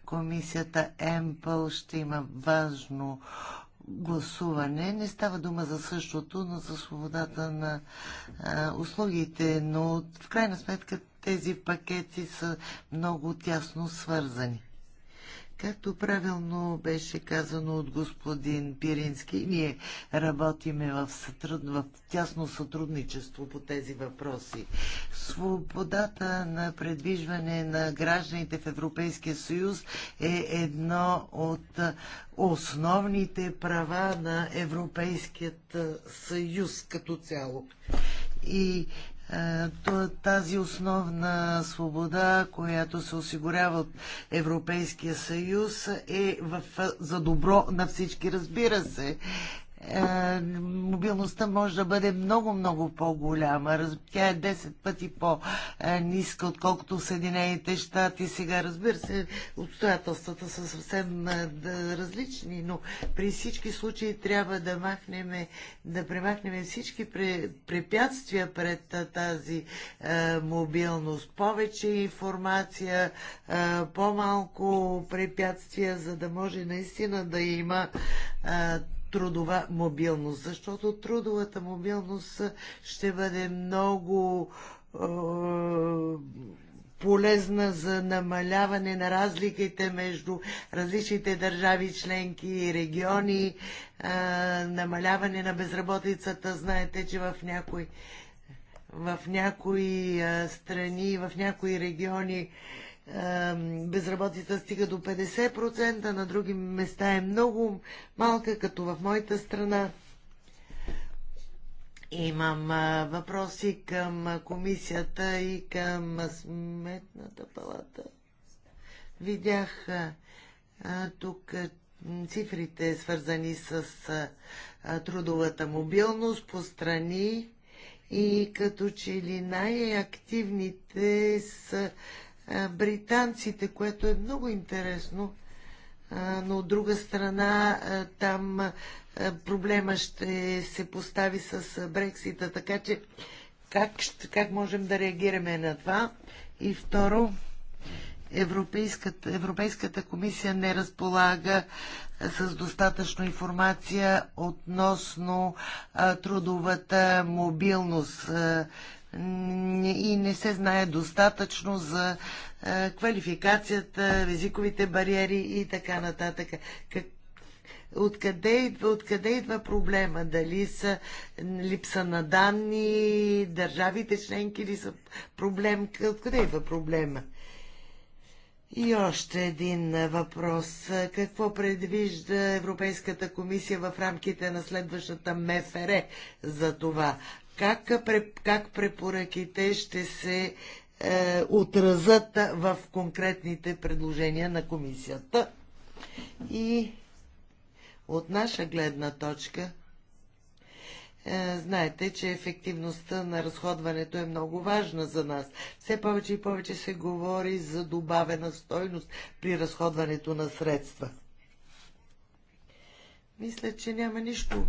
Speaker 2: комисията ЕМПЛ ще има важно гласуване. Не става дума за същото, но за свободата на а, услугите. Но в крайна сметка тези пакети са много тясно свързани. Както правилно беше казано от господин Пирински, ние работиме в, сътруд... в тясно сътрудничество по тези въпроси. Свободата на предвижване на гражданите в Европейския съюз е едно от основните права на Европейският съюз като цяло. И е, е тази основна свобода, която се осигурява от Европейския съюз, е в, за добро на всички, разбира се. Е, мобилността може да бъде много-много по-голяма. Тя е 10 пъти по-ниска, отколкото в Съединените щати. Сега, разбира се, обстоятелствата са съвсем е, различни, но при всички случаи трябва да махнем, да премахнем всички препятствия пред е, тази мобилност. Повече информация, по-малко препятствия, за да може наистина да има трудова мобилност, защото трудовата мобилност ще бъде много е, полезна за намаляване на разликите между различните държави, членки и региони, е, намаляване на безработицата. Знаете, че в някои в някои е, страни, в някои региони безработица стига до 50%, на други места е много малка, като в моята страна. Имам въпроси към комисията и към сметната палата. Видях тук цифрите, свързани с трудовата мобилност по страни и като че ли най-активните са британците, което е много интересно, но от друга страна там проблема ще се постави с Брексита, така че как, как можем да реагираме на това? И второ, Европейската, Европейската комисия не разполага с достатъчно информация относно трудовата мобилност и не се знае достатъчно за е, квалификацията, езиковите бариери и така нататък. Откъде идва, откъде идва проблема? Дали са липса на данни, държавите членки ли са проблем? Откъде идва проблема? И още един въпрос. Какво предвижда Европейската комисия в рамките на следващата МФР за това? как, как препоръките ще се е, отразат в конкретните предложения на комисията. И от наша гледна точка, е, знаете, че ефективността на разходването е много важна за нас. Все повече и повече се говори за добавена стойност при разходването на средства. Мисля, че няма нищо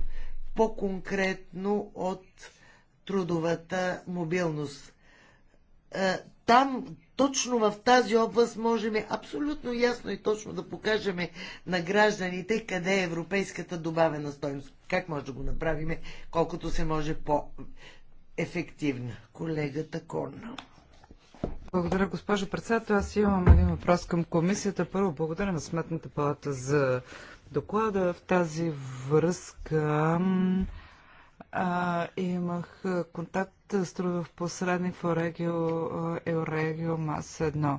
Speaker 2: по-конкретно от трудовата мобилност. Е, там, точно в тази област, можем абсолютно ясно и точно да покажем на гражданите къде е европейската добавена стоеност. Как може да го направим, колкото се може по-ефективна. Колегата Корна.
Speaker 3: Благодаря, госпожо председател. Аз имам един въпрос към комисията. Първо, благодаря на Сметната палата за доклада. В тази връзка а, имах контакт с трудов посредник в Орегио, Еорегио Мас 1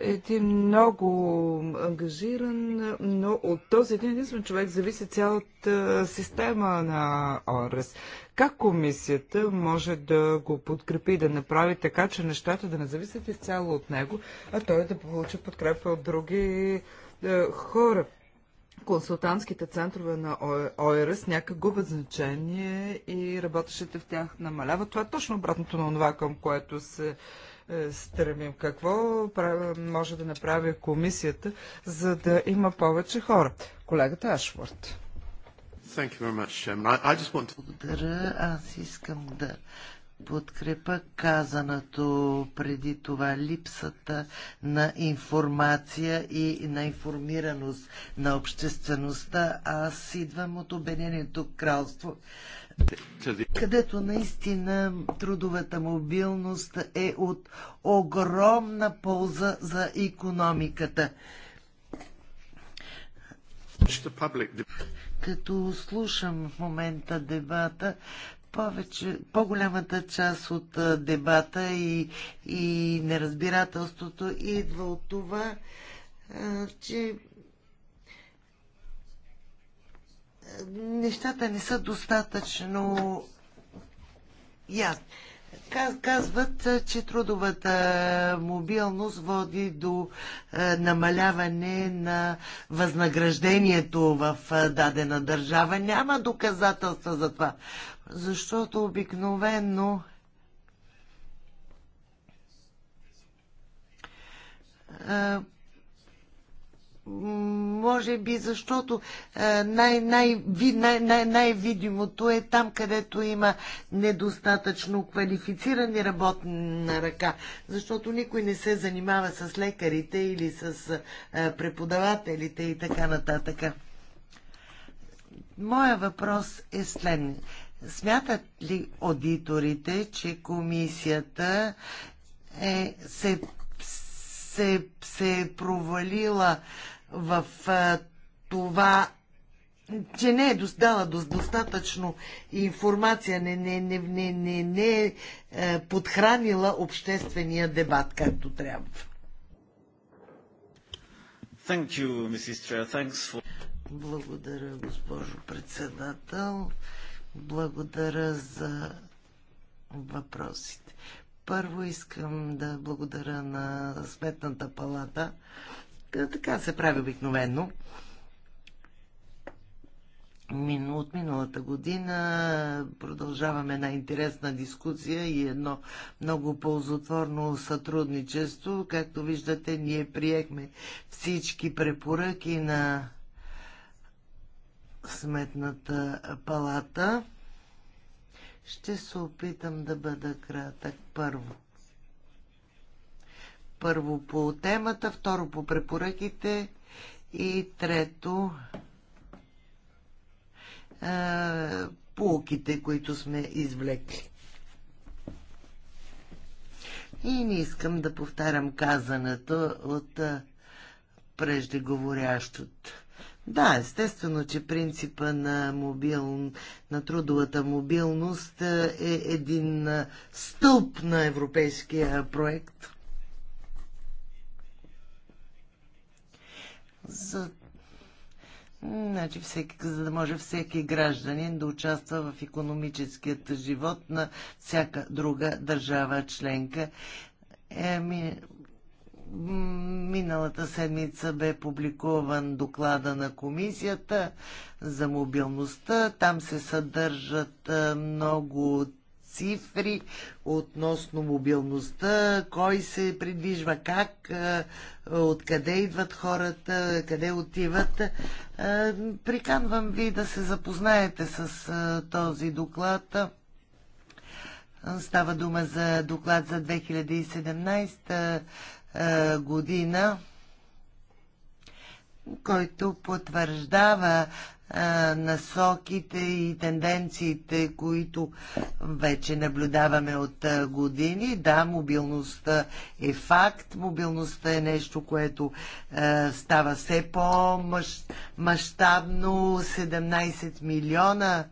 Speaker 3: един много ангажиран, но от този един единствен човек зависи цялата система на ОРС. Как комисията може да го подкрепи, да направи така, че нещата да не зависят изцяло от него, а той да получи подкрепа от други е, хора? консултантските центрове на ОРС някак губят значение и работещите в тях намаляват. Това е точно обратното на това, към което се е, стремим. Какво може да направи комисията, за да има повече хора? Колегата Ашфорд. Благодаря. Аз искам
Speaker 2: да подкрепа казаното преди това липсата на информация и на информираност на обществеността. Аз идвам от Обединеното кралство, където наистина трудовата мобилност е от огромна полза за економиката. Като слушам в момента дебата, повече, по-голямата част от дебата и, и неразбирателството идва от това, че нещата не са достатъчно ясни. Казват, че трудовата мобилност води до намаляване на възнаграждението в дадена държава. Няма доказателства за това защото обикновено може би защото най- най- най- най-видимото е там, където има недостатъчно квалифицирани работна ръка, защото никой не се занимава с лекарите или с преподавателите и така нататък. Моя въпрос е следният. Смятат ли аудиторите, че комисията е, се, се, се е провалила в а, това, че не е дала достатъчно информация, не, не, не, не, не, не е, е подхранила обществения дебат както трябва?
Speaker 1: Thank you, Mrs. Chair. Thanks for...
Speaker 2: Благодаря, госпожо председател. Благодаря за въпросите. Първо искам да благодаря на Сметната палата. Така се прави обикновено. От миналата година продължаваме една интересна дискусия и едно много ползотворно сътрудничество. Както виждате, ние приехме всички препоръки на Сметната палата. Ще се опитам да бъда кратък първо. Първо по темата, второ по препоръките и трето е, полуките, които сме извлекли. И не искам да повтарям казаното от преждеговорящото. Да, естествено, че принципа на, мобил, на трудовата мобилност е, е един стълб на европейския проект. За Значи всеки, за да може всеки гражданин да участва в економическият живот на всяка друга държава членка. Еми, Миналата седмица бе публикуван доклада на комисията за мобилността. Там се съдържат много цифри относно мобилността, кой се придвижва, как, откъде идват хората, къде отиват. Приканвам ви да се запознаете с този доклад. Става дума за доклад за 2017 е, година, който потвърждава е, насоките и тенденциите, които вече наблюдаваме от е, години. Да, мобилността е факт, мобилността е нещо, което става все по-мащабно. 17 милиона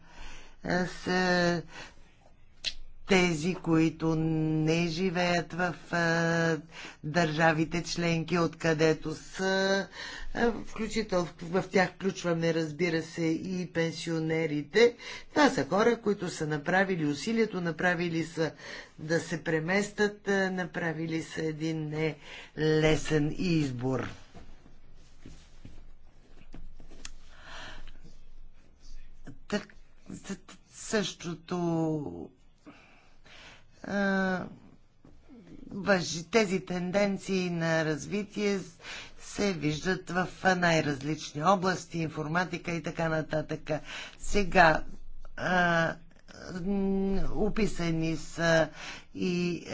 Speaker 2: тези, които не живеят в а, държавите членки, откъдето са, а, включител, в, в тях включваме, разбира се, и пенсионерите. Това са хора, които са направили усилието, направили са да се преместят, а, направили са един не лесен избор. Так, същото тези тенденции на развитие се виждат в най-различни области, информатика и така нататък. Сега описани са и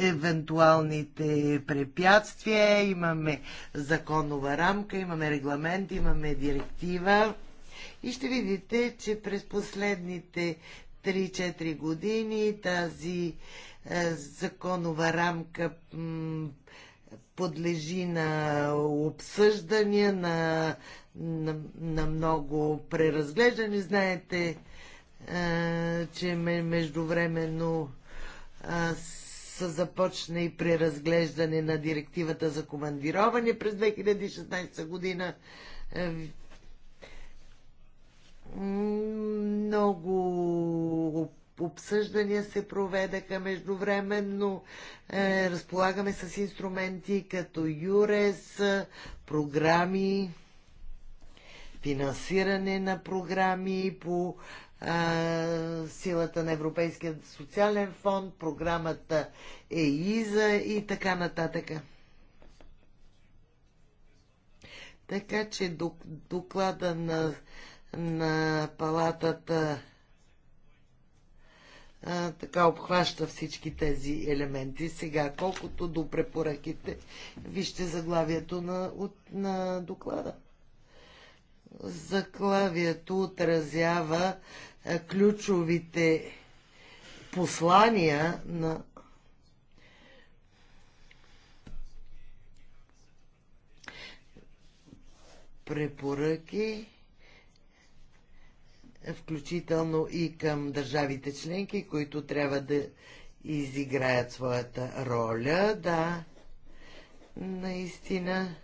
Speaker 2: евентуалните препятствия, имаме законова рамка, имаме регламент, имаме директива. И ще видите, че през последните 3-4 години тази е, законова рамка подлежи на обсъждания, на, на, на много преразглеждане. Знаете, е, че междувременно се започна и преразглеждане на директивата за командироване през 2016 година. Е, много обсъждания се проведаха междувременно. Е, разполагаме с инструменти като ЮРЕС, програми, финансиране на програми по е, силата на Европейския социален фонд, програмата ЕИЗА и така нататък. Така че доклада на на палатата а, така обхваща всички тези елементи. Сега, колкото до препоръките, вижте заглавието на, от, на доклада. Заглавието отразява а, ключовите послания на препоръки включително и към държавите членки, които трябва да изиграят своята роля. Да, наистина.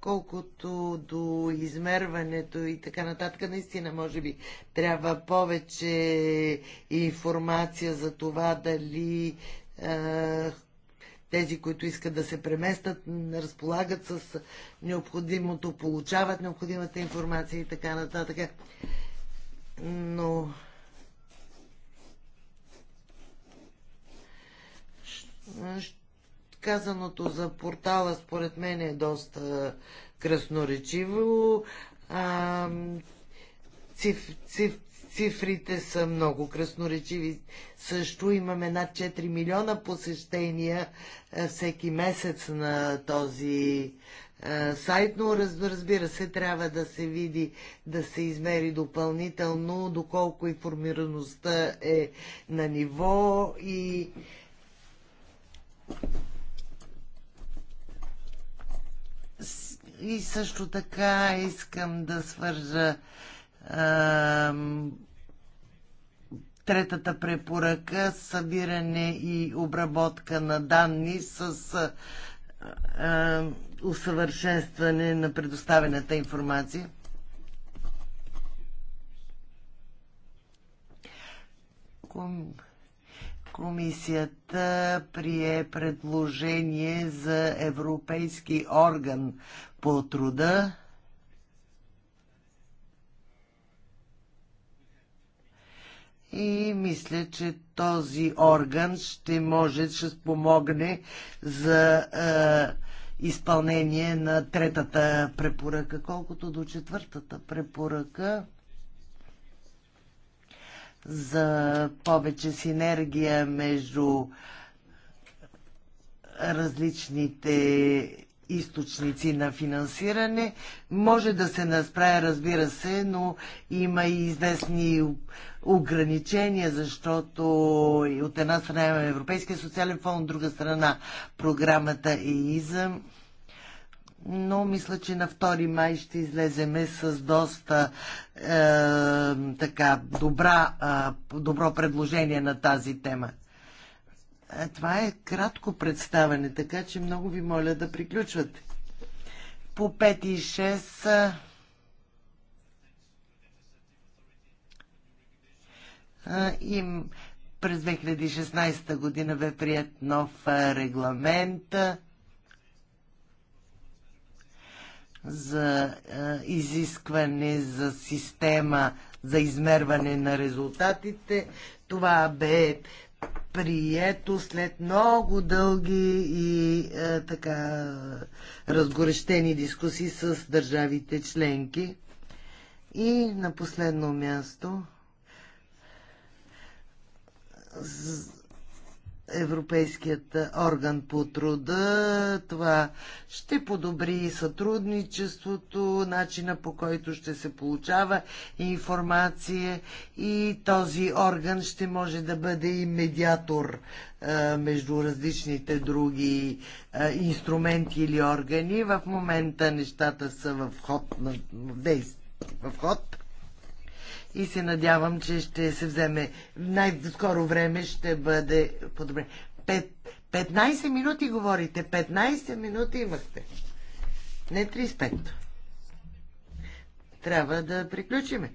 Speaker 2: колкото до измерването и така нататък, наистина, може би, трябва повече информация за това дали тези, които искат да се преместят, разполагат с необходимото, получават необходимата информация и така нататък. Но казаното за портала според мен е доста красноречиво. А, циф, циф, цифрите са много красноречиви. Също имаме над 4 милиона посещения всеки месец на този сайт, но разбира се, трябва да се види, да се измери допълнително, доколко информираността е на ниво и и също така искам да свържа Третата препоръка – събиране и обработка на данни с а, усъвършенстване на предоставената информация. Ком... Комисията прие предложение за Европейски орган по труда и мисля, че този орган ще може, ще спомогне за е, изпълнение на третата препоръка. Колкото до четвъртата препоръка за повече синергия между различните източници на финансиране. Може да се насправя, разбира се, но има и известни ограничения, защото от една страна имаме Европейския социален фонд, от друга страна програмата ЕИЗъм но мисля, че на 2 май ще излеземе с доста е, така добра, е, добро предложение на тази тема. Е, това е кратко представане, така че много ви моля да приключвате. По 5 и 6 им през 2016 година бе прият нов регламент за изискване за система за измерване на резултатите. Това бе прието след много дълги и е, така разгорещени дискусии с държавите членки. И на последно място Европейският орган по труда. Това ще подобри сътрудничеството, начина по който ще се получава информация и този орган ще може да бъде и медиатор а, е, между различните други а, е, инструменти или органи. В момента нещата са в ход на действие в ход и се надявам, че ще се вземе най-скоро време ще бъде по-добре. 15 минути говорите. 15 минути имахте. Не 35. Трябва да приключиме.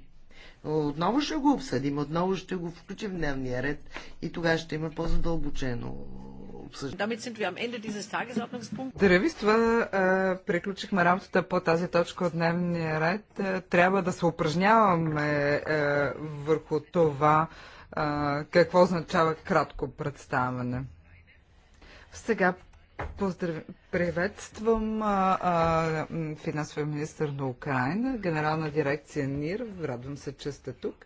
Speaker 2: Отново ще го обсъдим, отново ще го включим в дневния ред
Speaker 3: и тогава ще има по-задълбочено обсъждане. Благодаря ви, с това приключихме работата по тази точка от дневния ред. Трябва да се упражняваме върху това какво означава кратко представяне. Сега Поздрав... Приветствам а, а, финансовия министр на Украина, генерална дирекция НИР. Радвам се, че сте тук.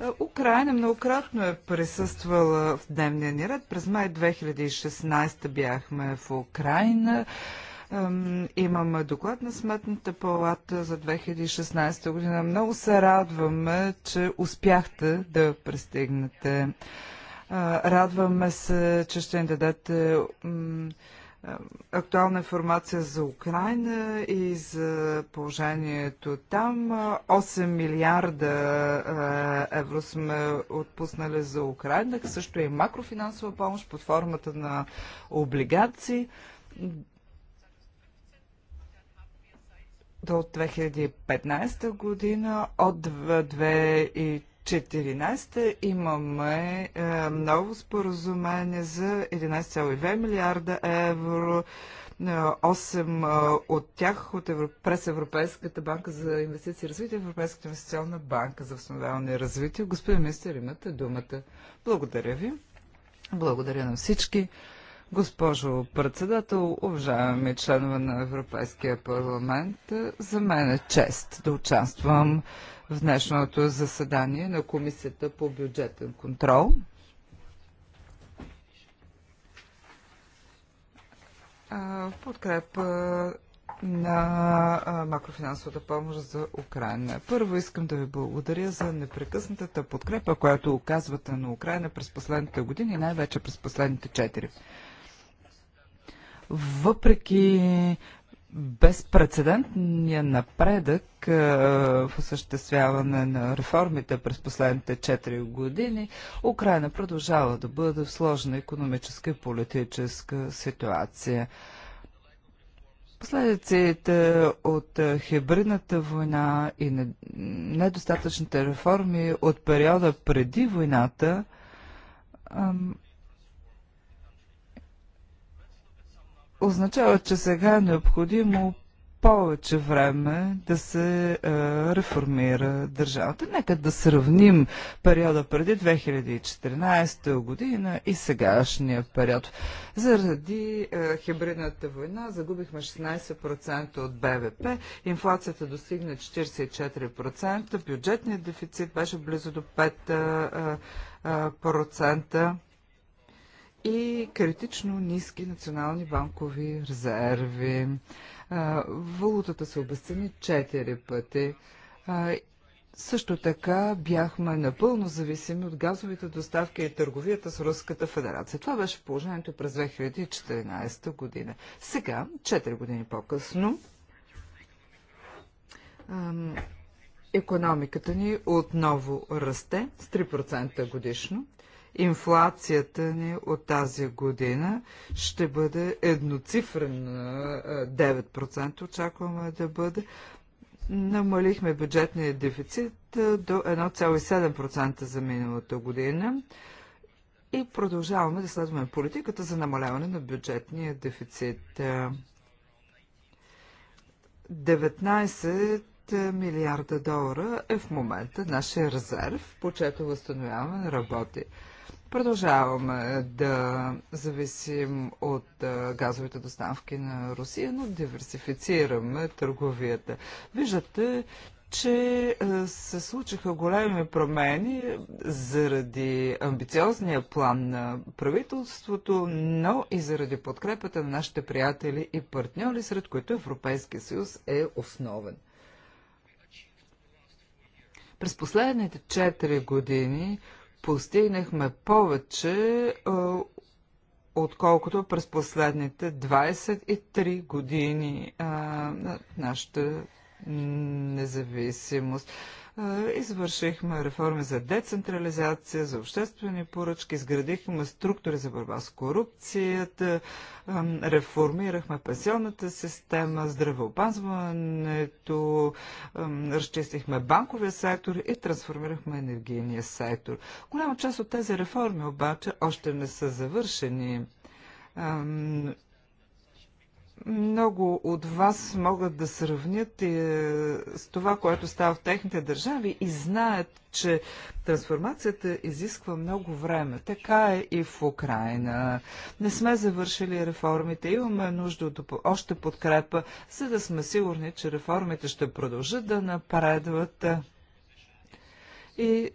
Speaker 3: Е, Украина многократно е присъствала в дневния ни ред. През май 2016 бяхме в Украина. Имаме доклад на Сметната палата за 2016 година. Много се радваме, че успяхте да пристигнете. Е, радваме се, че ще ни дадете е, актуална информация за Украина и за положението там. 8 милиарда е, евро сме отпуснали за Украина, също и макрофинансова помощ под формата на облигации. До 2015 година от 2,4 2014 имаме е, ново споразумение за 11,2 милиарда евро. 8 е, е, от тях от Европ... през Европейската банка за инвестиции и развитие, Европейската инвестиционна банка за възстановяване и развитие. Господин министър, имате думата. Благодаря ви. Благодаря на всички. Госпожо председател, уважаеми членове на Европейския парламент, за мен е чест да участвам в днешното заседание на Комисията по бюджетен контрол. В подкрепа на макрофинансовата помощ за Украина. Първо искам да ви благодаря за непрекъснатата подкрепа, която оказвате на Украина през последните години, най-вече през последните четири въпреки безпредседентния напредък е, в осъществяване на реформите през последните 4 години, Украина продължава да бъде в сложна економическа и политическа ситуация. Последиците от е, хибридната война и недостатъчните реформи от периода преди войната означава, че сега е необходимо повече време да се е, реформира държавата. Нека да сравним периода преди 2014 година и сегашния период. Заради е, хибридната война загубихме 16% от БВП, инфлацията достигна 44%, бюджетният дефицит беше близо до 5%. Е, е, процента и критично ниски национални банкови резерви. Валутата се обесцени 4 пъти. Също така бяхме напълно зависими от газовите доставки и търговията с Руската федерация. Това беше положението през 2014 година. Сега, 4 години по-късно, економиката ни отново расте с 3% годишно инфлацията ни от тази година ще бъде едноцифрен 9%, очакваме да бъде. Намалихме бюджетния дефицит до 1,7% за миналата година и продължаваме да следваме политиката за намаляване на бюджетния дефицит. 19 милиарда долара е в момента нашия резерв по чето възстановяване работи. Продължаваме да зависим от газовите доставки на Русия, но диверсифицираме търговията. Виждате, че се случиха големи промени заради амбициозния план на правителството, но и заради подкрепата на нашите приятели и партньори, сред които Европейския съюз е основен. През последните 4 години постигнахме повече, отколкото през последните 23 години на нашата независимост. Извършихме реформи за децентрализация, за обществени поръчки, изградихме структури за борба с корупцията, реформирахме пенсионната система, здравеопазването, разчистихме банковия сектор и трансформирахме енергийния сектор. Голяма част от тези реформи обаче още не са завършени много от вас могат да сравнят е, с това, което става в техните държави и знаят, че трансформацията изисква много време. Така е и в Украина. Не сме завършили реформите, имаме нужда от още подкрепа, за да сме сигурни, че реформите ще продължат да напредват. И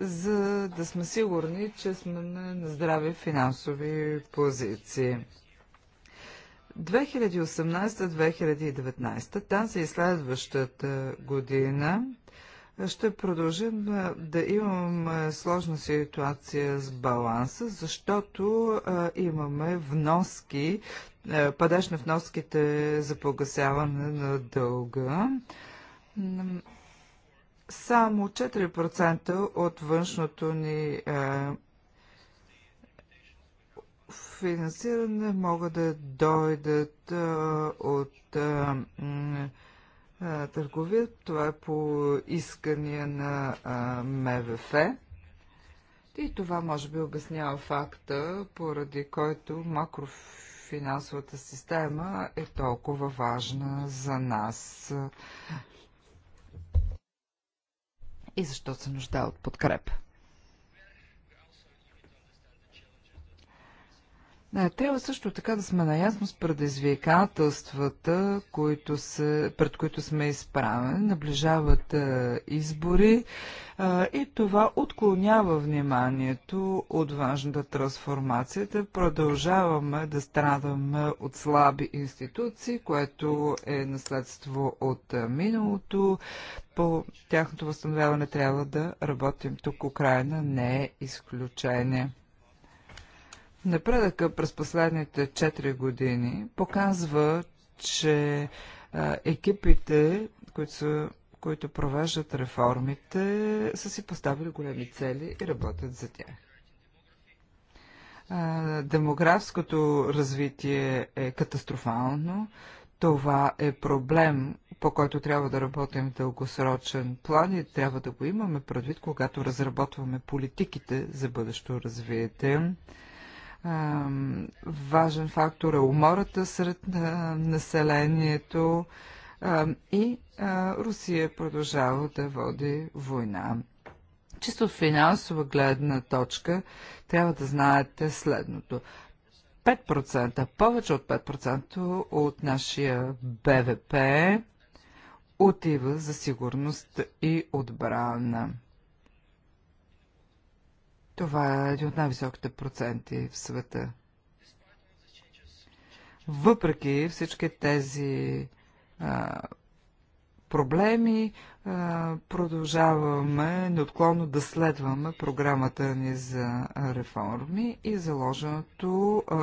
Speaker 3: за да сме сигурни, че сме на здрави финансови позиции. 2018-2019, тази и следващата година, ще продължим да имаме сложна ситуация с баланса, защото имаме вноски, падеж на вноските за погасяване на дълга. Само 4% от външното ни финансиране могат да дойдат а, от а, а, търговия. Това е по искания на а, МВФ. И това може би обяснява факта, поради който макрофинансовата система е толкова важна за нас. И защо се нуждае от подкрепа. Трябва също така да сме наясно с предизвикателствата, които се, пред които сме изправени. Наближават а, е, избори а, е, и това отклонява вниманието от важната трансформация. Да продължаваме да страдаме от слаби институции, което е наследство от е, миналото. По тяхното възстановяване трябва да работим тук. Украина не е изключение. Напредъка през последните 4 години показва, че а, екипите, които, са, които провеждат реформите, са си поставили големи цели и работят за тях. А, демографското развитие е катастрофално. Това е проблем, по който трябва да работим в дългосрочен план и трябва да го имаме предвид, когато разработваме политиките за бъдещо развитие важен фактор е умората сред населението и Русия продължава да води война. Чисто финансова гледна точка трябва да знаете следното. 5%, повече от 5% от нашия БВП отива за сигурност и отбрана. Това е един от най-високите проценти в света. Въпреки всички тези а, проблеми, а, продължаваме неотклонно да следваме програмата ни за реформи и заложеното а,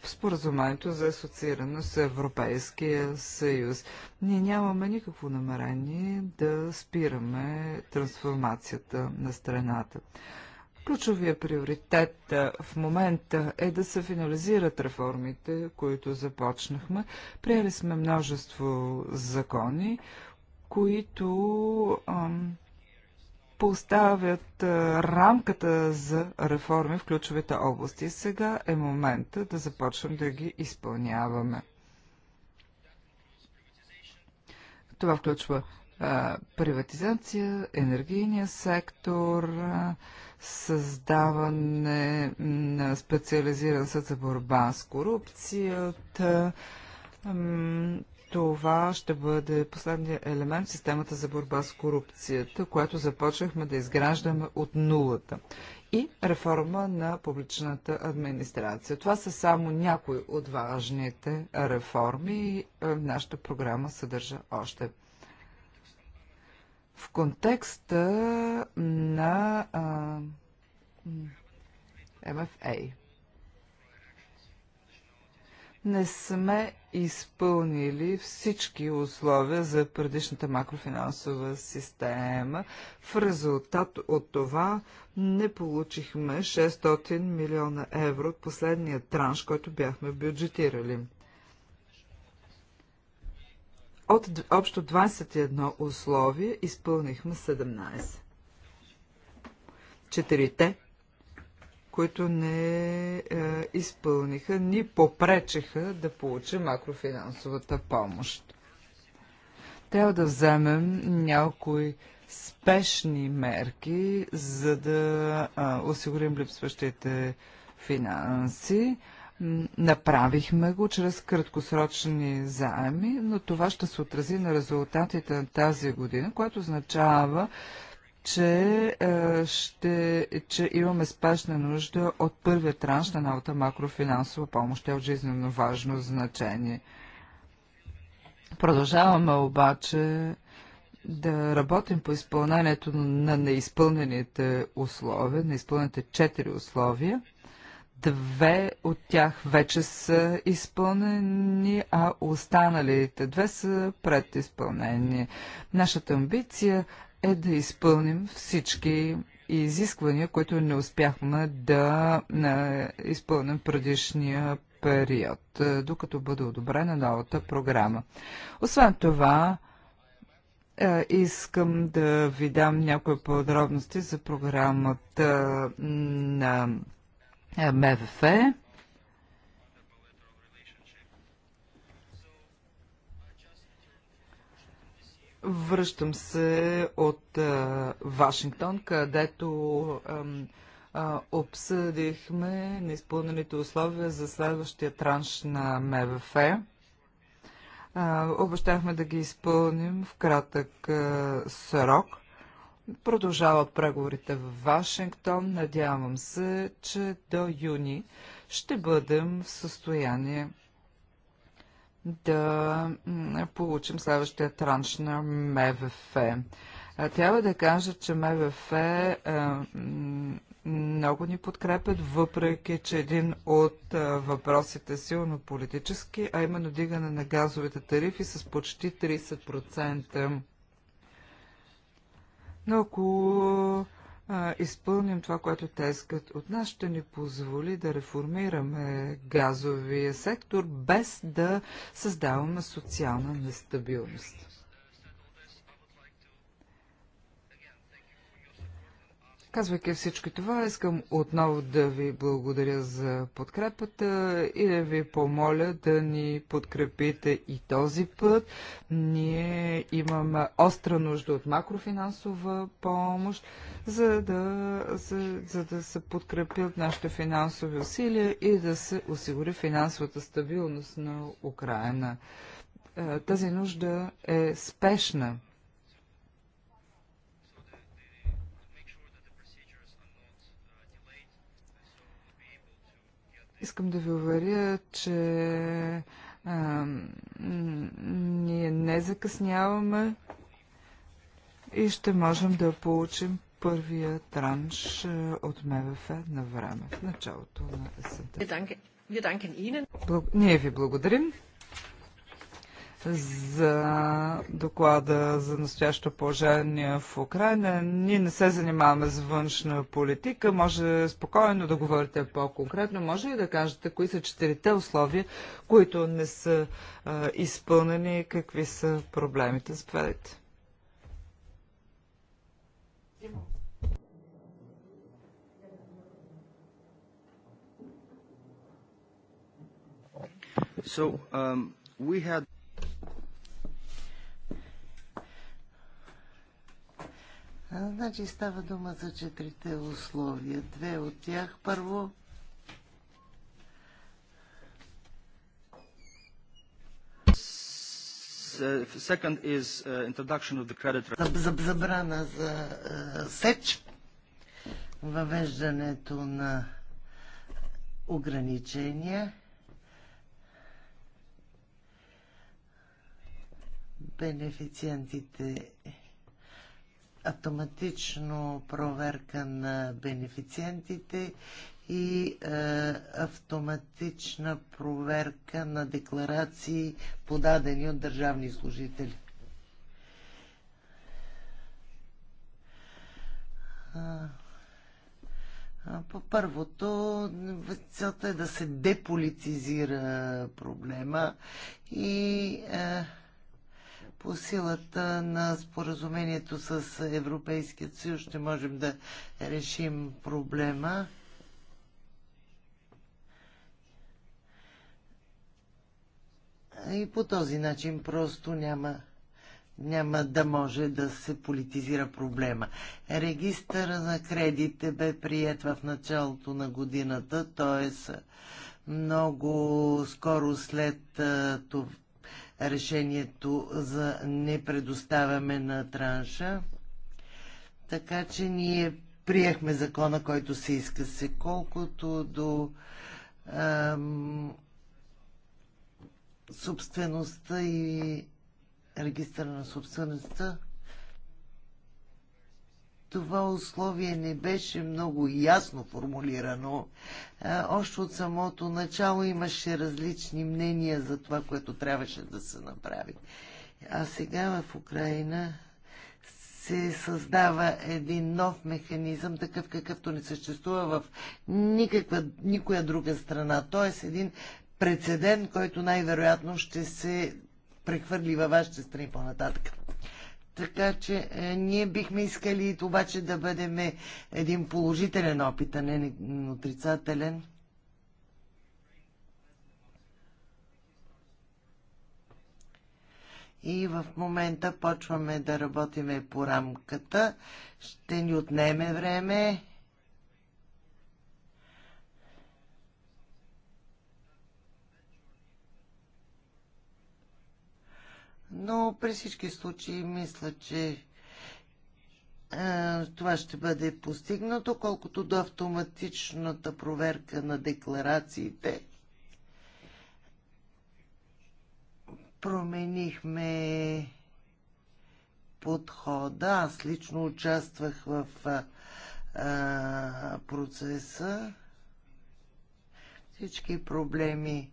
Speaker 3: в споразумението за асоцииране с Европейския съюз. Ние нямаме никакво намерение да спираме трансформацията на страната. Ключовия приоритет в момента е да се финализират реформите, които започнахме. Приели сме множество закони, които ам, поставят а, рамката за реформи в ключовите области. Сега е момента да започнем да ги изпълняваме. Това включва а, приватизация, енергийния сектор, а, създаване на специализиран съд за борба с корупцията. Това ще бъде последният елемент в системата за борба с корупцията, която започнахме да изграждаме от нулата. И реформа на публичната администрация. Това са само някои от важните реформи. Е, нашата програма съдържа още в контекста на а, Не сме изпълнили всички условия за предишната макрофинансова система. В резултат от това не получихме 600 милиона евро от последния транш, който бяхме бюджетирали. От общо 21 условия изпълнихме 17. Четирите, които не е, изпълниха, ни попречиха да получим макрофинансовата помощ. Трябва да вземем някои спешни мерки, за да а, осигурим липсващите финанси. Направихме го чрез краткосрочни заеми, но това ще се отрази на резултатите на тази година, което означава, че, е, ще, че имаме спешна нужда от първия транш на новата макрофинансова помощ. Тя е от жизненно важно значение. Продължаваме обаче да работим по изпълнението на неизпълнените условия, на изпълнените четири условия – Две от тях вече са изпълнени, а останалите две са предизпълнени. Нашата амбиция е да изпълним всички изисквания, които не успяхме да изпълним предишния период, е, докато бъде одобрена новата програма. Освен това, е, искам да ви дам някои подробности за програмата на МВФ. Връщам се от Вашингтон, където обсъдихме неизпълнените условия за следващия транш на МВФ. обещахме да ги изпълним в кратък срок – Продължават преговорите в Вашингтон. Надявам се, че до юни ще бъдем в състояние да получим следващия транш на МВФ. Трябва да кажа, че МВФ е, много ни подкрепят, въпреки че един от въпросите е силно политически, а именно дигане на газовите тарифи с почти 30%. Но ако а, изпълним това, което те искат от нас, ще ни позволи да реформираме газовия сектор, без да създаваме социална нестабилност. Казвайки всичко това, искам отново да ви благодаря за подкрепата и да ви помоля да ни подкрепите и този път. Ние имаме остра нужда от макрофинансова помощ, за да, за, за да се подкрепят нашите финансови усилия и да се осигури финансовата стабилност на Украина. Е, тази нужда е спешна. Искам да ви уверя, че а, ние не закъсняваме и ще можем да получим първия транш от МВФ на време, в началото на есента.
Speaker 1: Е, е,
Speaker 3: ние ви благодарим за доклада за настоящо положение в Украина. Ние не се занимаваме с външна политика. Може спокойно да говорите по-конкретно. Може ли да кажете кои са четирите условия, които не са а, изпълнени и какви са проблемите? Заповядайте. So, um, we had
Speaker 2: Значи става дума за четирите условия. Две от тях. Първо,
Speaker 4: second is uh, introduction of the credit забрана
Speaker 2: за uh, сеч въвеждането на ограничения бенефициентите автоматично проверка на бенефициентите и е, автоматична проверка на декларации, подадени от държавни служители. По първото, целта е да се деполитизира проблема и е, по силата на споразумението с Европейският съюз ще можем да решим проблема. И по този начин просто няма, няма да може да се политизира проблема. Регистъра на кредите бе прият в началото на годината, т.е. много скоро след това решението за не предоставяме на транша. Така че ние приехме закона, който се иска се. Колкото до ам, собствеността и регистъра на собствеността, това условие не беше много ясно формулирано. Е, още от самото начало имаше различни мнения за това, което трябваше да се направи. А сега в Украина се създава един нов механизъм, такъв какъвто не съществува в никаква, никоя друга страна. Тоест един прецедент, който най-вероятно ще се прехвърли във вашите страни по-нататък. Така че е, ние бихме искали обаче да бъдем един положителен опит, а не отрицателен. И в момента почваме да работиме по рамката. Ще ни отнеме време. но при всички случаи мисля, че е, това ще бъде постигнато, колкото до автоматичната проверка на декларациите. Променихме подхода. Аз лично участвах в а, процеса. Всички проблеми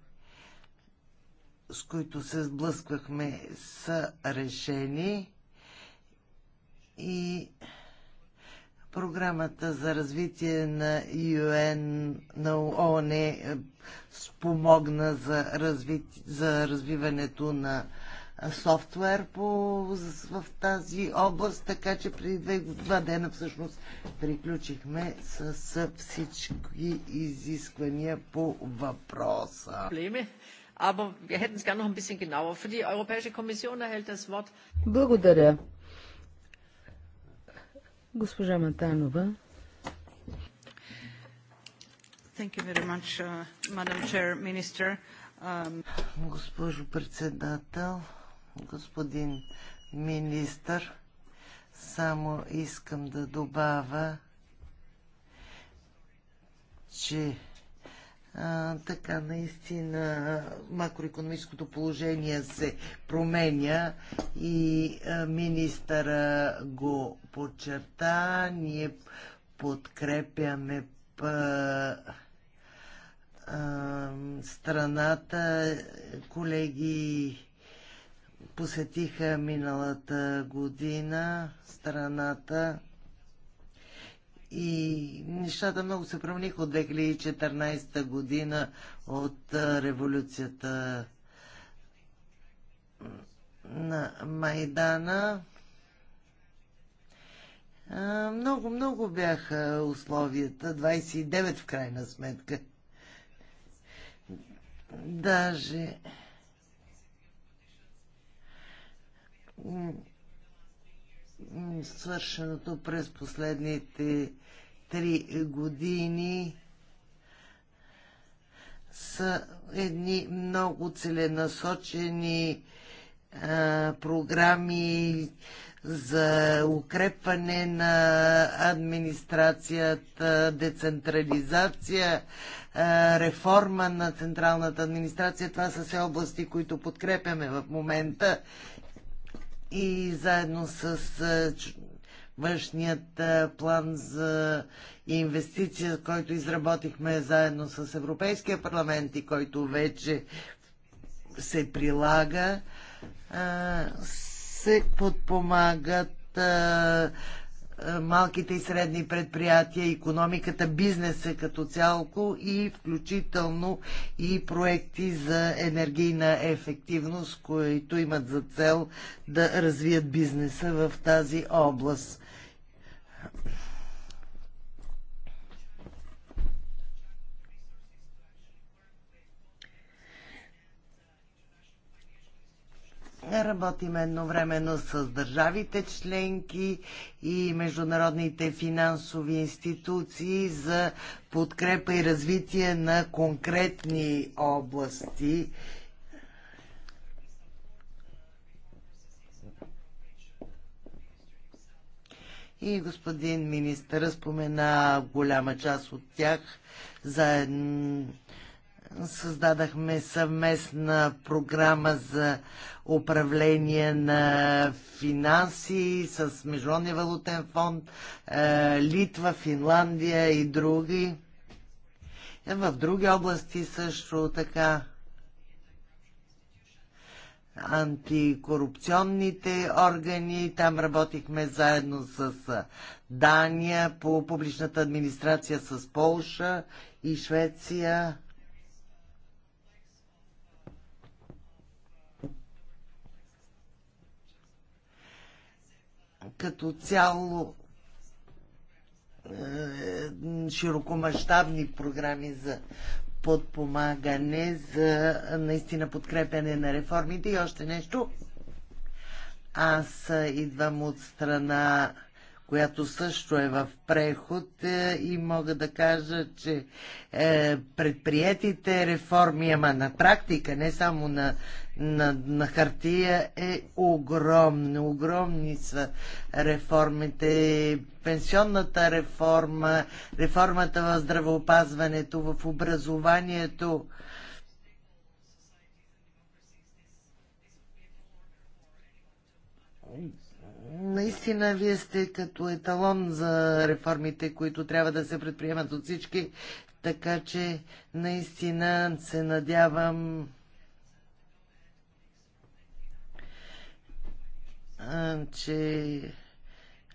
Speaker 2: с които се сблъсквахме, са решени и програмата за развитие на ЮН, на ООН е, спомогна за, разви, за развиването на софтуер по, в тази област, така че преди две, два дена всъщност приключихме с, с всички изисквания по въпроса
Speaker 1: aber wir hätten es gerne noch ein bisschen genauer. Für die Europäische Kommission erhält das Wort.
Speaker 4: Благодаря. Госпожа Матанова.
Speaker 3: Thank you very much, uh, Madam Chair, Minister. Um...
Speaker 4: Госпожо председател,
Speaker 2: господин министър, само искам да добавя, че а, така наистина макроекономическото положение се променя и а, министъра го подчерта. Ние подкрепяме а, страната. Колеги посетиха миналата година страната и нещата много се промениха от 2014 година от революцията на Майдана. Много, много бяха условията. 29 в крайна сметка. Даже свършеното през последните три години са едни много целенасочени а, програми за укрепване на администрацията, децентрализация, а, реформа на централната администрация. Това са все области, които подкрепяме в момента и заедно с външният план за инвестиция, който изработихме заедно с Европейския парламент и който вече се прилага, се подпомагат малките и средни предприятия, економиката, бизнеса като цялко и включително и проекти за енергийна ефективност, които имат за цел да развият бизнеса в тази област. Работим едновременно с държавите членки и международните финансови институции за подкрепа и развитие на конкретни области. И господин министър спомена голяма част от тях заедно създадахме съвместна програма за управление на финанси с Международния валутен фонд, е, Литва, Финландия и други. Е, в други области също така антикорупционните органи. Там работихме заедно с е, Дания по публичната администрация с Полша и Швеция. като цяло е, широкомащабни програми за подпомагане, за наистина подкрепяне на реформите и още нещо. Аз идвам от страна, която също е в преход е, и мога да кажа, че е, предприятите реформи, ама на практика, не само на на, на хартия е огромно. Огромни са реформите. Пенсионната реформа, реформата в здравеопазването, в образованието. Наистина, вие сте като еталон за реформите, които трябва да се предприемат от всички, така че наистина се надявам че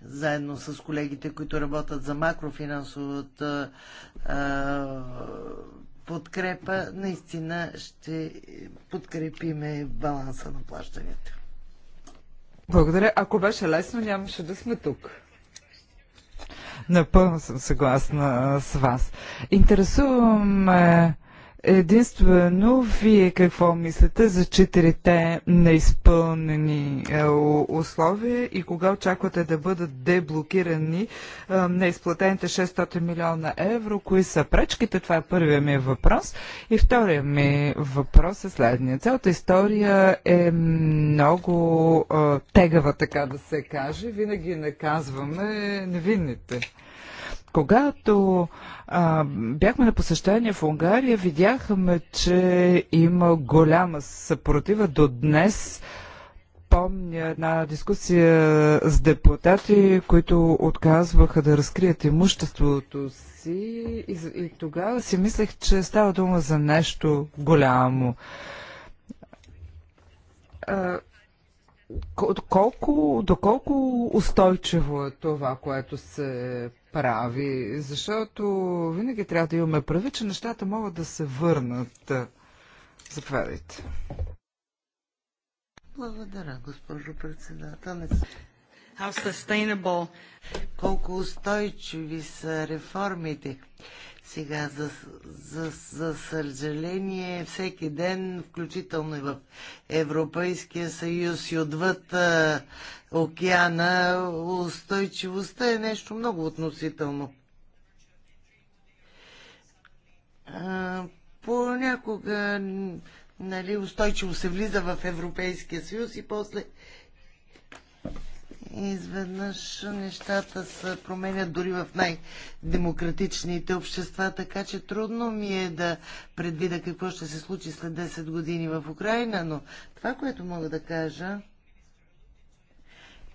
Speaker 2: заедно с колегите, които работят за макрофинансовата подкрепа, наистина ще подкрепиме баланса на
Speaker 3: плащанията. Благодаря. Ако беше лесно, нямаше да сме тук. Напълно съм съгласна с вас. Интересувам е, Единствено, вие какво мислите за четирите неизпълнени е, условия и кога очаквате да бъдат деблокирани е, неизплатените 600 милиона евро? Кои са пречките? Това е първият ми въпрос. И вторият ми въпрос е следния. Цялата история е много е, тегава, така да се каже. Винаги наказваме невинните. Когато а, бяхме на посещение в Унгария, видяхме, че има голяма съпротива до днес помня една дискусия с депутати, които отказваха да разкрият имуществото си и, и тогава си мислех, че става дума за нещо голямо. А, колко, доколко устойчиво е това, което се прави, защото винаги трябва да имаме прави, че нещата могат да се върнат. Заповядайте.
Speaker 2: Благодаря, госпожо председател. How sustainable. Колко устойчиви са реформите. Сега, за, за, за съжаление, всеки ден, включително и в Европейския съюз и отвъд а, океана, устойчивостта е нещо много относително. А, понякога нали, устойчиво се влиза в Европейския съюз и после изведнъж нещата се променят дори в най-демократичните общества, така че трудно ми е да предвида какво ще се случи след 10 години в Украина, но това, което мога да кажа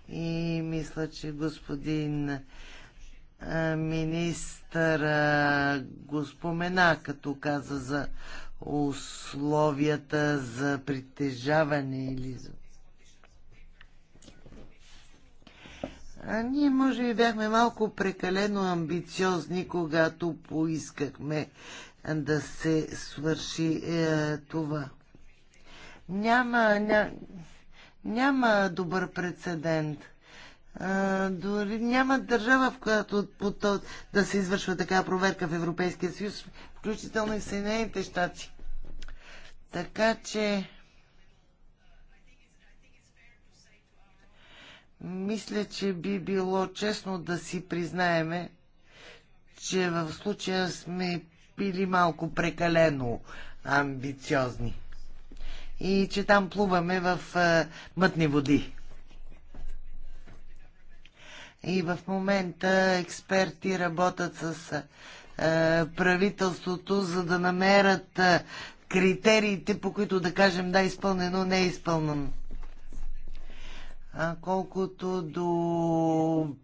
Speaker 2: и мисля, че господин министър го спомена, като каза за условията за притежаване или за А ние може би бяхме малко прекалено амбициозни, когато поискахме да се свърши е, това. Няма, ня, няма добър прецедент. А, дори няма държава, в която по то, да се извършва така проверка в Европейския съюз, включително и в Съединените щати. Така че Мисля, че би било честно да си признаеме, че в случая сме били малко прекалено амбициозни и че там плуваме в е, мътни води. И в момента експерти работят с а, е, правителството, за да намерят а, е, критериите, по които да кажем да, изпълнено, не е изпълнено. Колкото до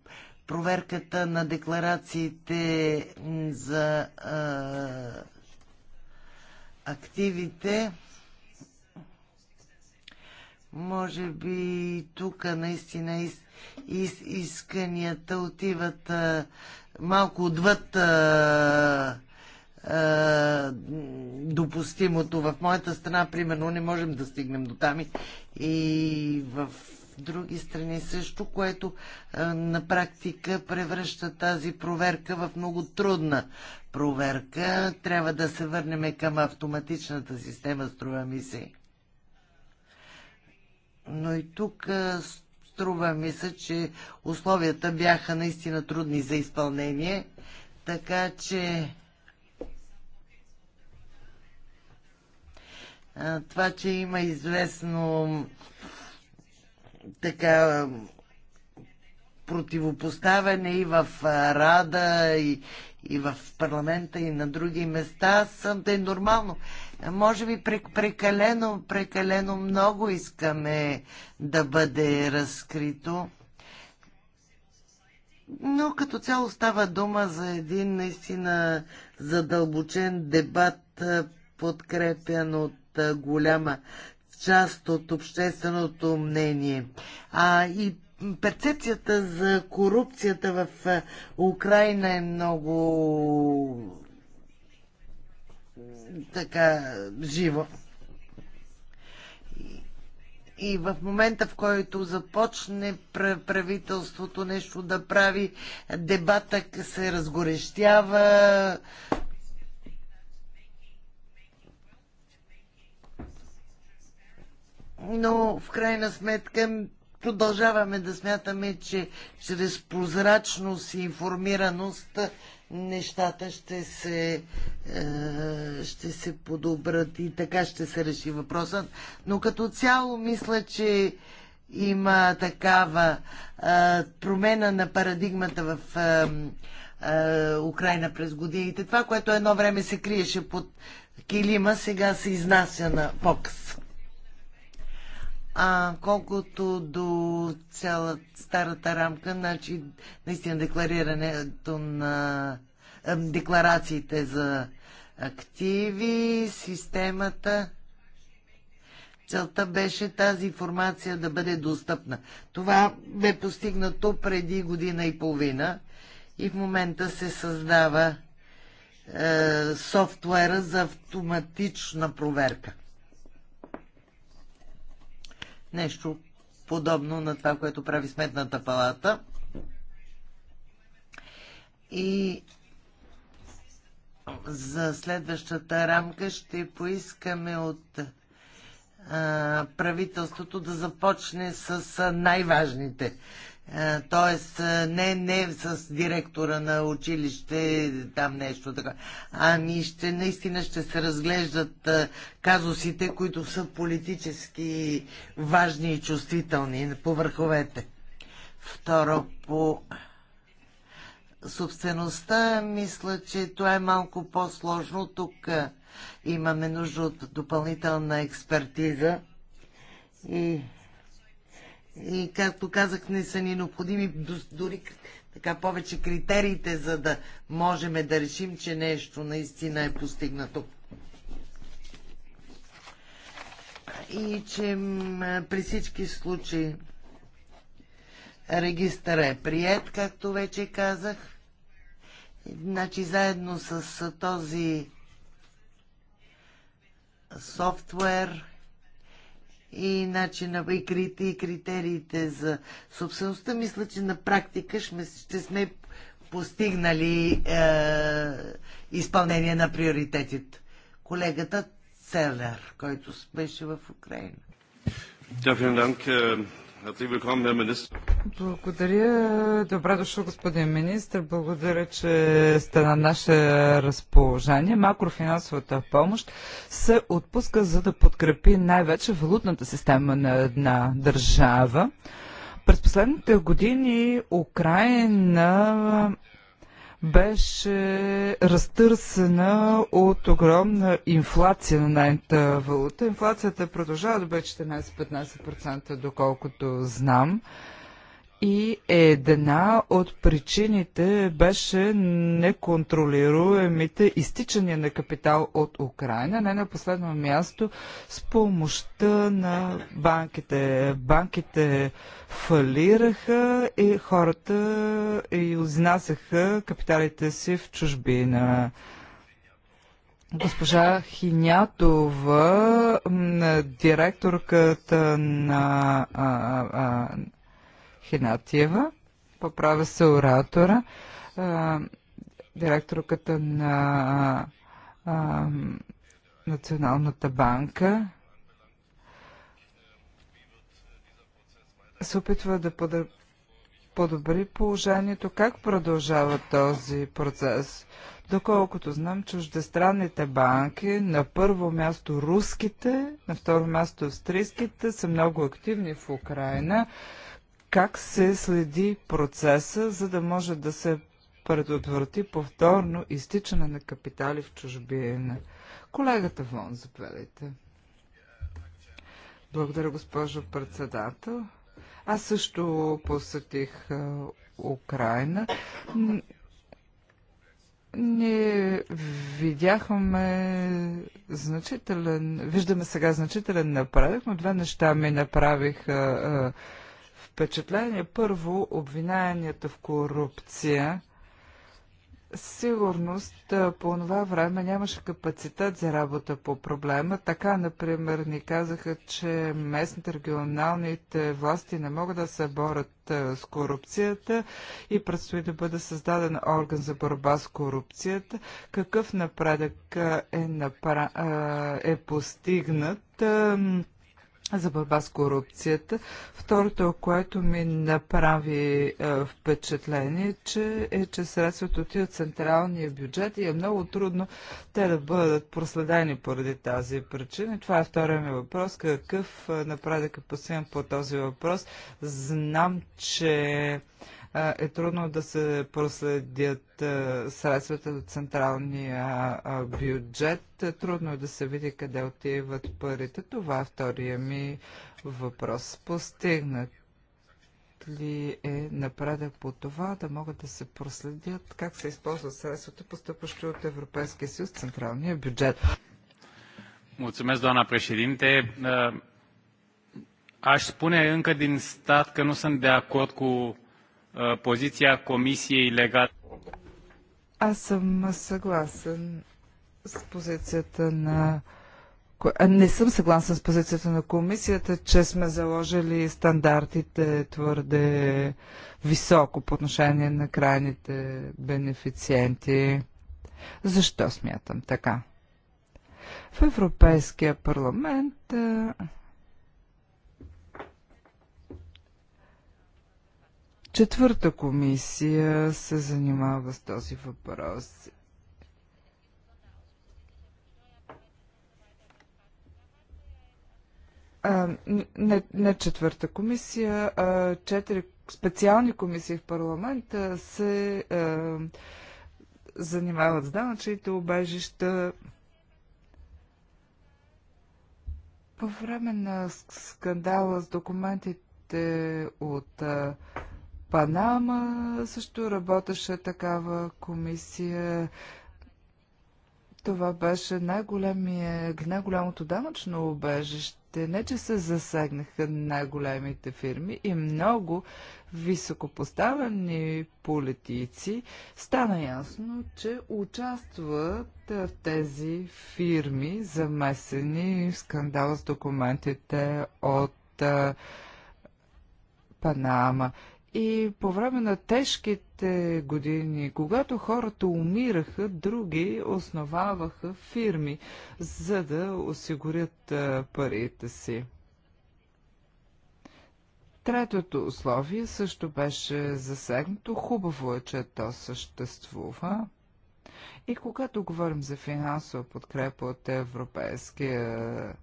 Speaker 2: проверката на декларациите за активите, може би тук наистина из, из, исканията отиват а, малко отвъд а, а, допустимото. В моята страна, примерно, не можем да стигнем до там и в други страни също, което на практика превръща тази проверка в много трудна проверка. Трябва да се върнем към автоматичната система, струва ми се. Но и тук струва ми се, че условията бяха наистина трудни за изпълнение, така че това, че има известно така противопоставяне и в Рада, и, и в парламента, и на други места, съм да е нормално. Може би прекалено, прекалено много искаме да бъде разкрито. Но като цяло става дума за един наистина задълбочен дебат, подкрепен от голяма част от общественото мнение. А и перцепцията за корупцията в Украина е много така жива. И в момента, в който започне правителството нещо да прави, дебата се разгорещява, но в крайна сметка продължаваме да смятаме, че чрез прозрачност и информираност нещата ще се, е, ще се подобрат и така ще се реши въпросът. Но като цяло мисля, че има такава е, промена на парадигмата в е, Украина през годините. Това, което едно време се криеше под килима, сега се изнася на показ. А колкото до цяла старата рамка, значи наистина декларирането на е, декларациите за активи, системата. Целта беше тази информация да бъде достъпна. Това бе постигнато преди година и половина и в момента се създава е, софтуера за автоматична проверка. Нещо подобно на това, което прави Сметната палата. И за следващата рамка ще поискаме от правителството да започне с най-важните т.е. Е, не, не с директора на училище, там нещо така. Ами ще, наистина ще се разглеждат е, казусите, които са политически важни и чувствителни по върховете. Второ, по собствеността, мисля, че това е малко по-сложно. Тук е, имаме нужда от допълнителна експертиза и и както казах, не са ни необходими дори така повече критериите, за да можем да решим, че нещо наистина е постигнато. И че при всички случаи регистър е прият, както вече казах. Значи заедно с този софтуер и начина и, крит, и критериите за собствеността, мисля, че на практика ще, сме постигнали е, изпълнение на приоритетите. Колегата Целер, който беше в Украина.
Speaker 5: Да,
Speaker 3: благодаря. Добре дошъл, господин министр. Благодаря, че сте на наше разположение. Макрофинансовата помощ се отпуска за да подкрепи най-вече валутната система на една държава. През последните години Украина беше разтърсена от огромна инфлация на нейната валута. Инфлацията продължава да бъде 14-15%, доколкото знам. И една от причините беше неконтролируемите изтичания на капитал от Украина, не на последно място с помощта на банките. Банките фалираха и хората изнасяха капиталите си в чужбина. Госпожа Хинятова, директорката на Хинатиева, поправя се оратора, директорката на Националната банка се опитва да подобри положението. Как продължава този процес? Доколкото знам, чуждестранните банки, на първо място руските, на второ място австрийските, са много активни в Украина как се следи процеса, за да може да се предотврати повторно изтичане на капитали в чужбина. Колегата Вон, заповядайте. Благодаря, госпожо председател. Аз също посетих Украина. Ние видяхме значителен, виждаме сега значителен напредък, но две неща ми направиха впечатление. Първо, обвиняенията в корупция. Сигурност по това време нямаше капацитет за работа по проблема. Така, например, ни казаха, че местните регионалните власти не могат да се борят с корупцията и предстои да бъде създаден орган за борба с корупцията. Какъв напредък е, напра... е постигнат? за борба с корупцията. Второто, което ми направи е, впечатление, че, е, че средствата отиват от централния бюджет и е много трудно те да бъдат проследени поради тази причина. Това е втория ми въпрос. Какъв е, напредък е постигнат по този въпрос? Знам, че е трудно да се проследят средствата до централния бюджет. Трудно е да се види къде отиват парите. Това е втория ми въпрос. Постигнат ли е напредък по това да могат да се проследят как се използват средствата, поступващи от Европейския съюз, централния бюджет?
Speaker 5: Mulțumesc, doamna președinte. Е, Aș
Speaker 2: spune încă din stat că nu sunt de acord cu позиция комисии легат.
Speaker 3: Аз съм съгласен с позицията на не съм съгласен с позицията на комисията, че сме заложили стандартите твърде високо по отношение на крайните бенефициенти. Защо смятам така? В Европейския парламент Четвърта комисия се занимава с този въпрос. А, не, не четвърта комисия, а четири специални комисии в парламента се а, занимават с данъчните обежища. По време на скандала с документите от а, Панама също работеше такава комисия. Това беше най-голямото данъчно убежище. Не, че се засегнаха най-големите фирми и много високопоставени политици. Стана ясно, че участват в тези фирми, замесени в скандал с документите от Панама. И по време на тежките години, когато хората умираха, други основаваха фирми, за да осигурят парите си. Третото условие също беше засегнато. Хубаво е, че то съществува. И когато говорим за финансова подкрепа от Европейския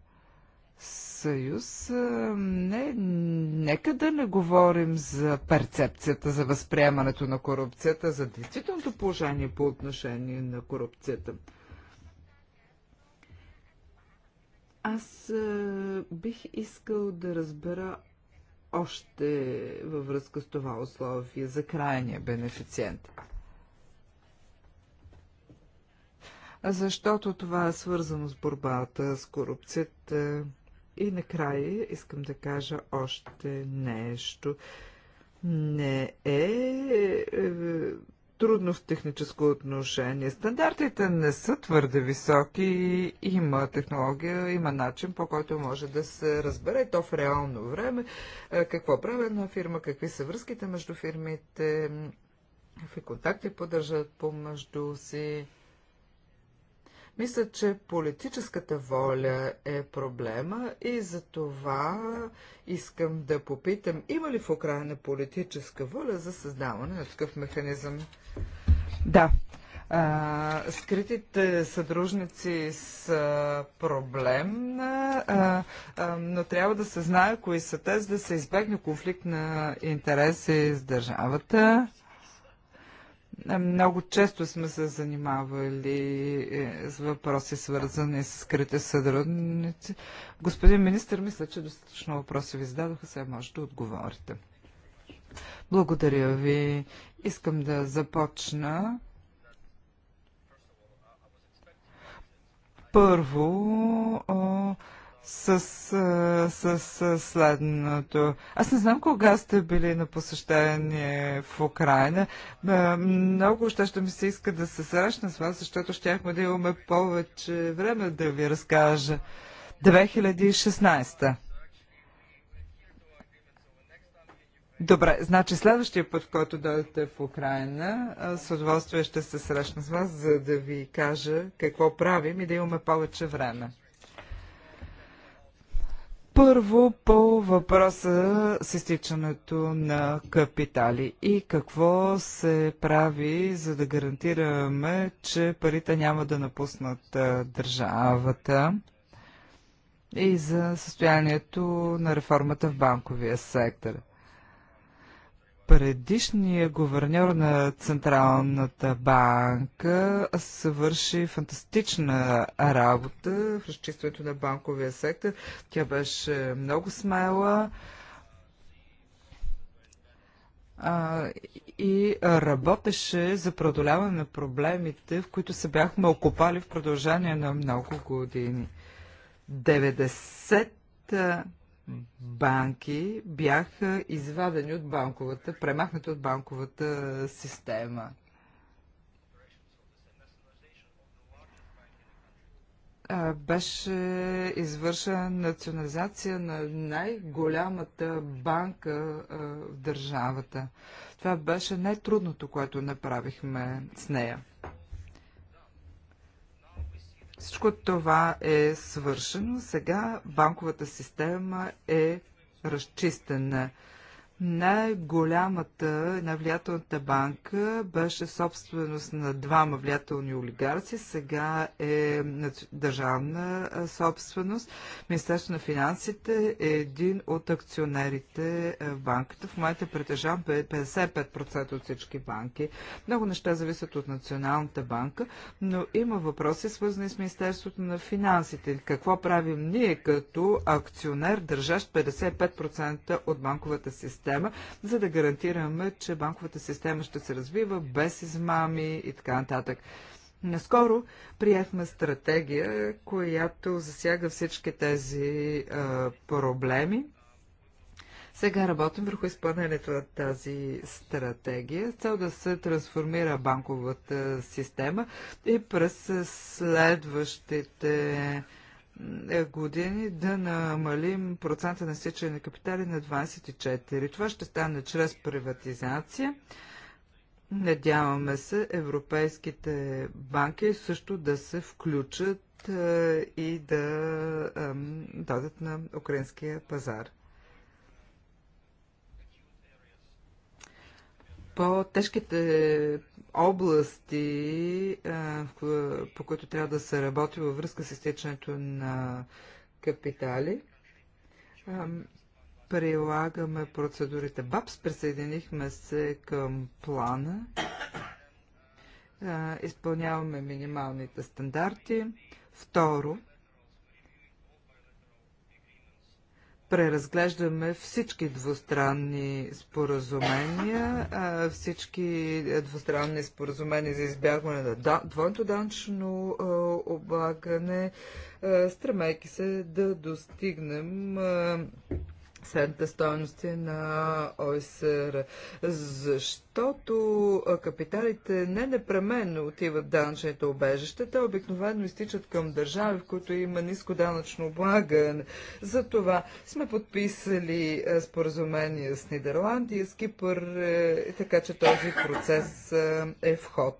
Speaker 3: съюз, не, нека да не говорим за перцепцията, за възприемането на корупцията, за действителното положение по отношение на корупцията. Аз бих искал да разбера още във връзка с това условие за крайния бенефициент. Защото това е свързано с борбата с корупцията, и накрая искам да кажа още нещо. Не е, е трудно в техническо отношение. Стандартите не са твърде високи. Има технология, има начин, по който може да се разбере то в реално време е, какво прави една фирма, какви са връзките между фирмите, какви контакти поддържат помежду си. Мисля, че политическата воля е проблема и за това искам да попитам, има ли в Украина политическа воля за създаване на такъв механизъм? Да. А, скритите съдружници са проблем, а, а, но трябва да се знае кои са те, за да се избегне конфликт на интереси с държавата. Много често сме се занимавали е, с въпроси, свързани с скрите съдрудници. Господин министр, мисля, че достатъчно въпроси ви зададоха, сега може да отговорите. Благодаря ви. Искам да започна. Първо, с, с, с следното. Аз не знам кога сте били на посещение в Украина. Много ще, ще ми се иска да се срещна с вас, защото щяхме да имаме повече време да ви разкажа. 2016. Добре, значи следващия път, който дойдете в Украина, с удоволствие ще се срещна с вас, за да ви кажа какво правим и да имаме повече време. Първо по въпроса с изтичането на капитали и какво се прави, за да гарантираме, че парите няма да напуснат държавата и за състоянието на реформата в банковия сектор предишният гуверньор на Централната банка свърши фантастична работа в разчистването на банковия сектор. Тя беше много смела а, и работеше за продоляване на проблемите, в които се бяхме окопали в продължение на много години. 90 банки бяха извадени от банковата, премахнати от банковата система. беше извършена национализация на най-голямата банка в държавата. Това беше най-трудното, което направихме с нея. Всичко това е свършено. Сега банковата система е разчистена. Най-голямата, най-влиятелната банка беше собственост на двама влиятелни олигарци, сега е държавна собственост. Министерство на финансите е един от акционерите в банката. В момента е притежава 55% от всички банки. Много неща зависят от Националната банка, но има въпроси свързани с Министерството на финансите. Какво правим ние като акционер, държащ 55% от банковата система? система, за да гарантираме, че банковата система ще се развива без измами и така нататък. Наскоро приехме стратегия, която засяга всички тези а, проблеми. Сега работим върху изпълнението на тази стратегия, с цел да се трансформира банковата система и през следващите е, години да намалим процента на стичане на капитали на 24. Това ще стане чрез приватизация. Надяваме се европейските банки също да се включат е, и да дадат на украинския пазар. По-тежките области, по които трябва да се работи във връзка с изтичането на капитали. Прилагаме процедурите БАПС, присъединихме се към плана, изпълняваме минималните стандарти. Второ, преразглеждаме всички двустранни споразумения, всички двустранни споразумения за избягване на двойното данчно облагане, стремейки се да достигнем средните стоености на ОСР. Защото капиталите не непременно отиват в данъчните обежища, те обикновено изтичат към държави, в които има ниско данъчно облагане. Затова сме подписали споразумение с Нидерландия, с Кипър, е, така че този процес е вход.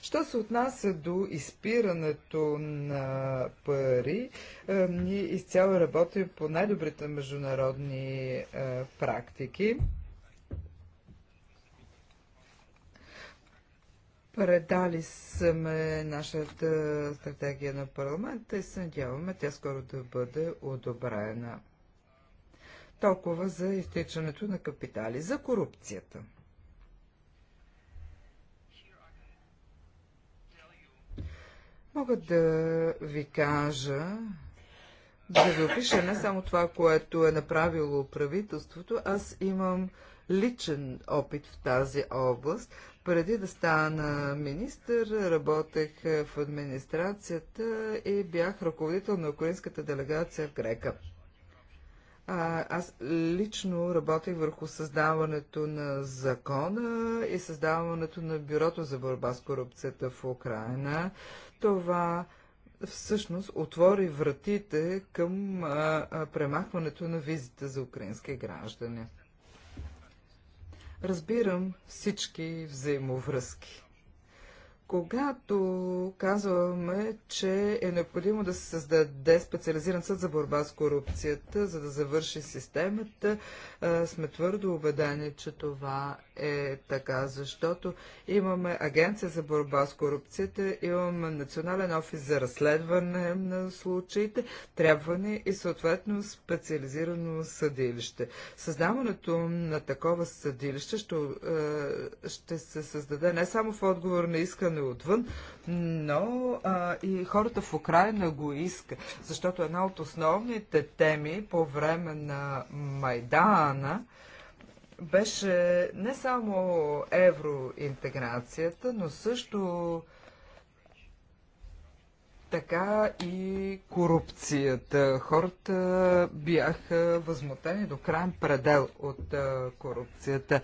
Speaker 3: Що се отнася до изпирането на пари, е, ние изцяло работим по най-добрите международни е, практики. Предали сме нашата стратегия на парламента и се надяваме тя скоро да бъде одобрена. Толкова за изтичането на капитали, за корупцията. Мога да ви кажа, да ви опиша не само това, което е направило правителството, аз имам личен опит в тази област. Преди да стана министър, работех в администрацията и бях ръководител на украинската делегация в Грека. А, аз лично работех върху създаването на закона и създаването на бюрото за борба с корупцията в Украина. Това всъщност отвори вратите към а, а, премахването на визите за украински граждани. Разбирам всички взаимовръзки. Когато казваме, че е необходимо да се създаде специализиран съд за борба с корупцията, за да завърши системата, сме твърдо убедени, че това е така, защото имаме Агенция за борба с корупцията, имаме Национален офис за разследване на случаите, трябва ни и съответно специализирано съдилище. Създаването на такова съдилище ще, е, ще се създаде не само в отговор на искане отвън, но а, и хората в Украина го иска, защото една от основните теми по време на Майдана, беше не само евроинтеграцията, но също така и корупцията. Хората бяха възмутени до крайен предел от корупцията.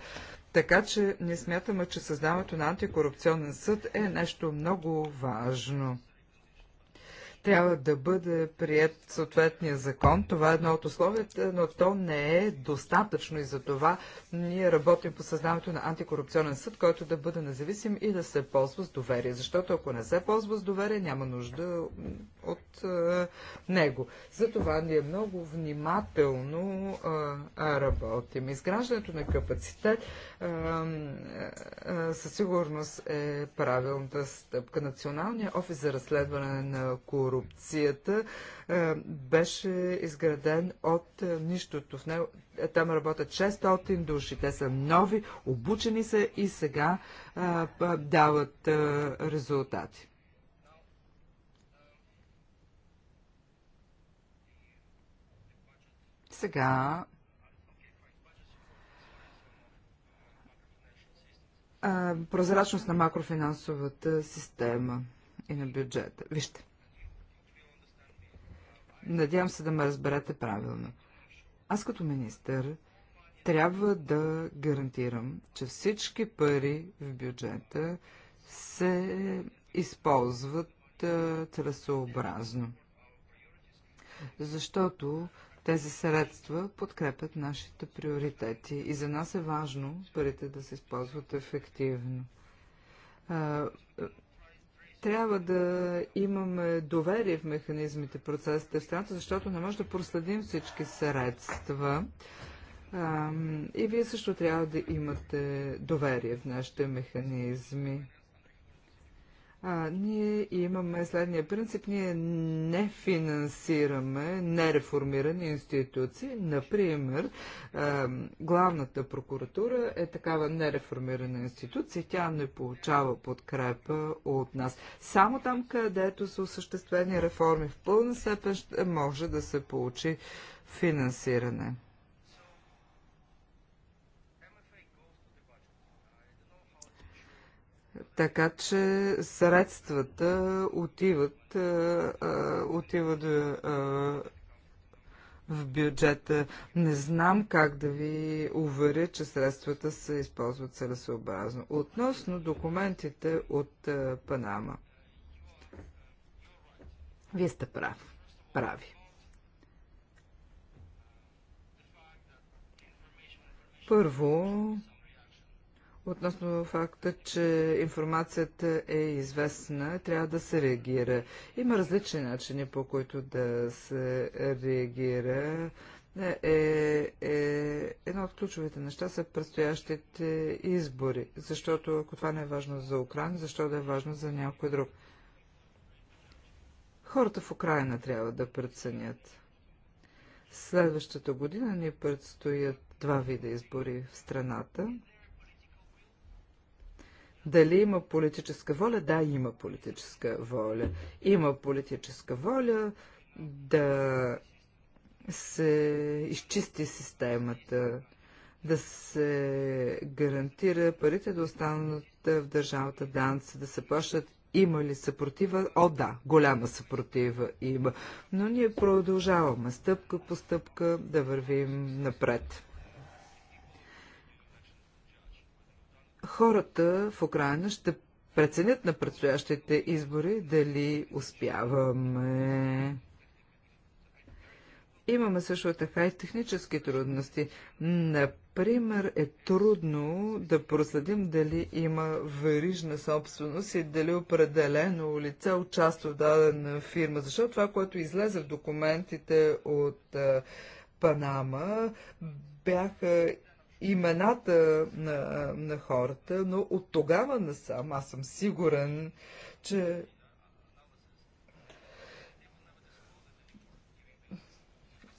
Speaker 3: Така че не смятаме, че създаването на антикорупционен съд е нещо много важно трябва да бъде прият съответния закон. Това е едно от условията, но то не е достатъчно и за това ние работим по създаването на антикорупционен съд, който да бъде независим и да се ползва с доверие. Защото ако не се ползва с доверие, няма нужда от е, него. това ние много внимателно е, работим. Изграждането на капацитет е, е, е със сигурност е правилната стъпка. Националния офис за разследване на корупция корупцията е, беше изграден от е, нищото. В него, е, там работят 600 души. Те са нови, обучени са и сега дават резултати. Сега прозрачност на макрофинансовата система и на бюджета. Вижте, Надявам се да ме разберете правилно. Аз като министър трябва да гарантирам, че всички пари в бюджета се използват целесообразно. Защото тези средства подкрепят нашите приоритети и за нас е важно парите да се използват ефективно. Трябва да имаме доверие в механизмите, процесите в страната, защото не може да проследим всички средства. И вие също трябва да имате доверие в нашите механизми. А, ние имаме следния принцип. Ние не финансираме нереформирани институции. Например, а, главната прокуратура е такава нереформирана институция. Тя не получава подкрепа от нас. Само там, където са осъществени реформи в пълна степен, може да се получи финансиране. Така че средствата отиват, е, е, отиват е, в бюджета. Не знам как да ви уверя, че средствата се използват целесообразно. Относно документите от Панама. Вие сте прав. Прави. Първо, относно факта, че информацията е известна, трябва да се реагира. Има различни начини, по които да се реагира. Е, е, е едно от ключовите неща са предстоящите избори, защото ако това не е важно за Украина, защо да е важно за някой друг? Хората в Украина трябва да преценят. Следващата година ни предстоят два вида избори в страната дали има политическа воля? Да, има политическа воля. Има политическа воля да се изчисти системата, да се гарантира парите да останат в държавата данци, да се плащат има ли съпротива? О, да, голяма съпротива има. Но ние продължаваме стъпка по стъпка да вървим напред. хората в Украина ще преценят на предстоящите избори дали успяваме. Имаме също така и технически трудности. Например, е трудно да проследим дали има верижна собственост и дали определено лице участва в дадена фирма, защото това, което излезе в документите от Панама, бяха имената на, на хората, но от тогава насам аз съм сигурен, че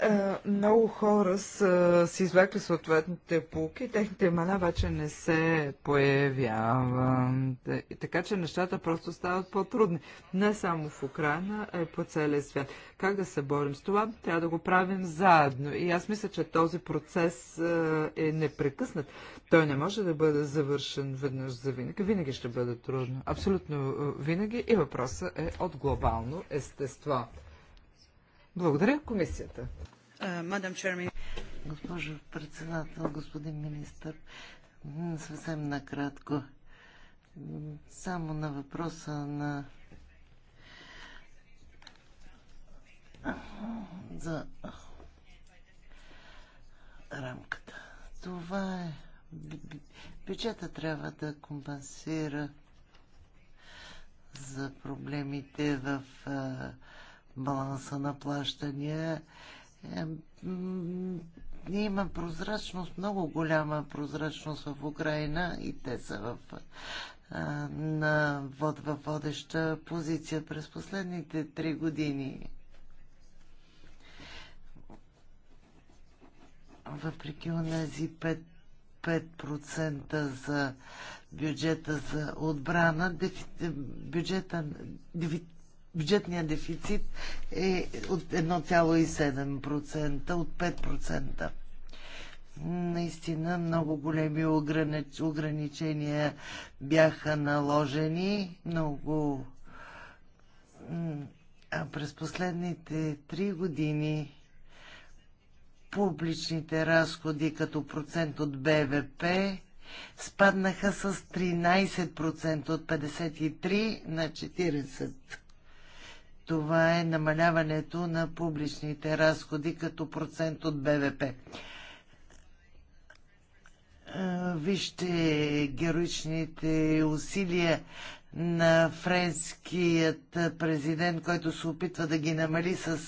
Speaker 3: Е, много хора са си извлекли съответните полки, техните имена вече не се появяват. Е, така че нещата просто стават по-трудни. Не само в Украина, а и по целия свят. Как да се борим с това? Трябва да го правим заедно. И аз мисля, че този процес е, е непрекъснат. Той не може да бъде завършен веднъж за винаги. Винаги ще бъде трудно. Абсолютно винаги. И въпросът е от глобално естество. Благодаря. Комисията.
Speaker 2: Госпожо председател, господин министр, съвсем накратко. Само на въпроса на за рамката. Това е бюджета трябва да компенсира за проблемите в а, баланса на плащания. Е, има прозрачност, много голяма прозрачност в Украина и те са в на вод, във водеща позиция през последните три години. Въпреки онези 5, 5% за бюджета за отбрана, дефи, бюджета, дефи, бюджетният дефицит е от 1,7%, от 5%. Наистина много големи ограничения бяха наложени, много. А през последните три години публичните разходи като процент от БВП спаднаха с 13% от 53 на 40%. Това е намаляването на публичните разходи като процент от БВП. Е, вижте героичните усилия на френският президент, който се опитва да ги намали с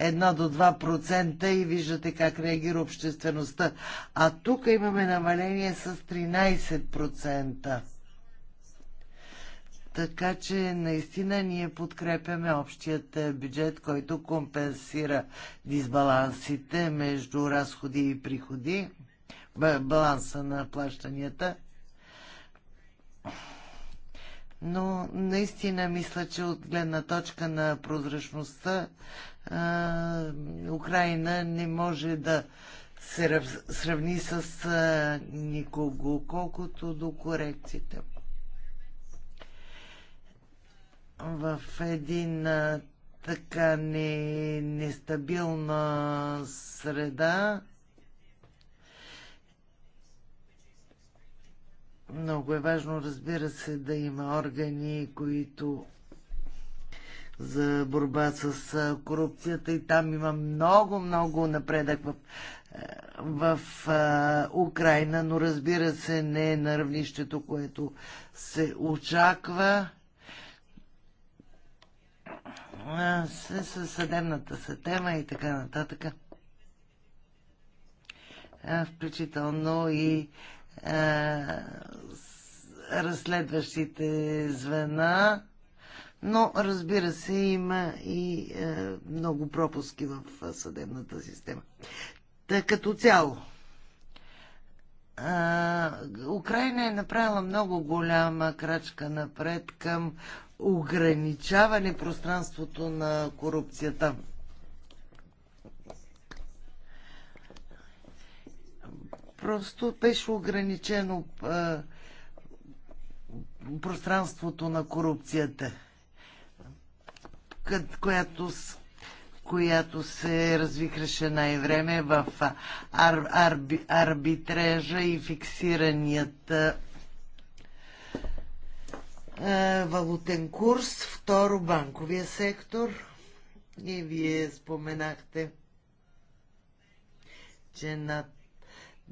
Speaker 2: 1 до 2% и виждате как реагира обществеността. А тук имаме намаление с 13%. Така че наистина ние подкрепяме общият е, бюджет, който компенсира дисбалансите между разходи и приходи, баланса на плащанията. Но наистина мисля, че от гледна точка на прозрачността е, Украина не може да се сравни с е, никого, колкото до корекциите. в един така не, нестабилна среда. Много е важно, разбира се, да има органи, които за борба с корупцията и там има много, много напредък в, в в Украина, но разбира се не е на равнището, което се очаква. Със съдебната система и така нататък. Включително и разследващите звена, но разбира се, има и много пропуски в съдебната система. Та като цяло. Украина е направила много голяма крачка напред към ограничаване пространството на корупцията. Просто беше ограничено а, пространството на корупцията, която, която се развихреше най-време в ар, арби, арбитрежа и фиксираният е, валутен курс, второ банковия сектор. И вие споменахте, че над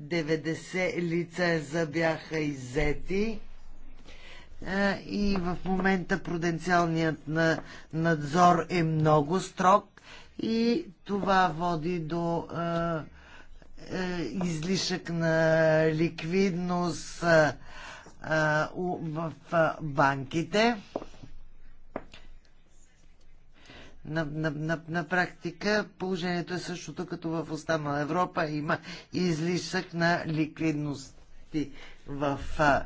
Speaker 2: 90 лиценза бяха иззети е, и в момента пруденциалният надзор е много строг и това води до е, излишък на ликвидност, в банките. На, на, на, на практика положението е същото като в останала Европа. Има излишък на ликвидности в а,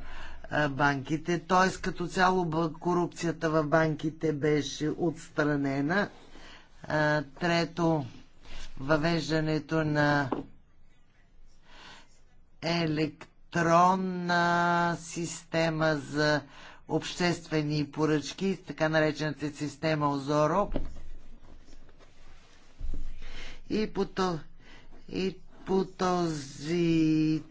Speaker 2: банките. Т.е. като цяло корупцията в банките беше отстранена. А, трето, въвеждането на електронни електронна система за обществени поръчки, така наречената система Озоро. И по, то, и по този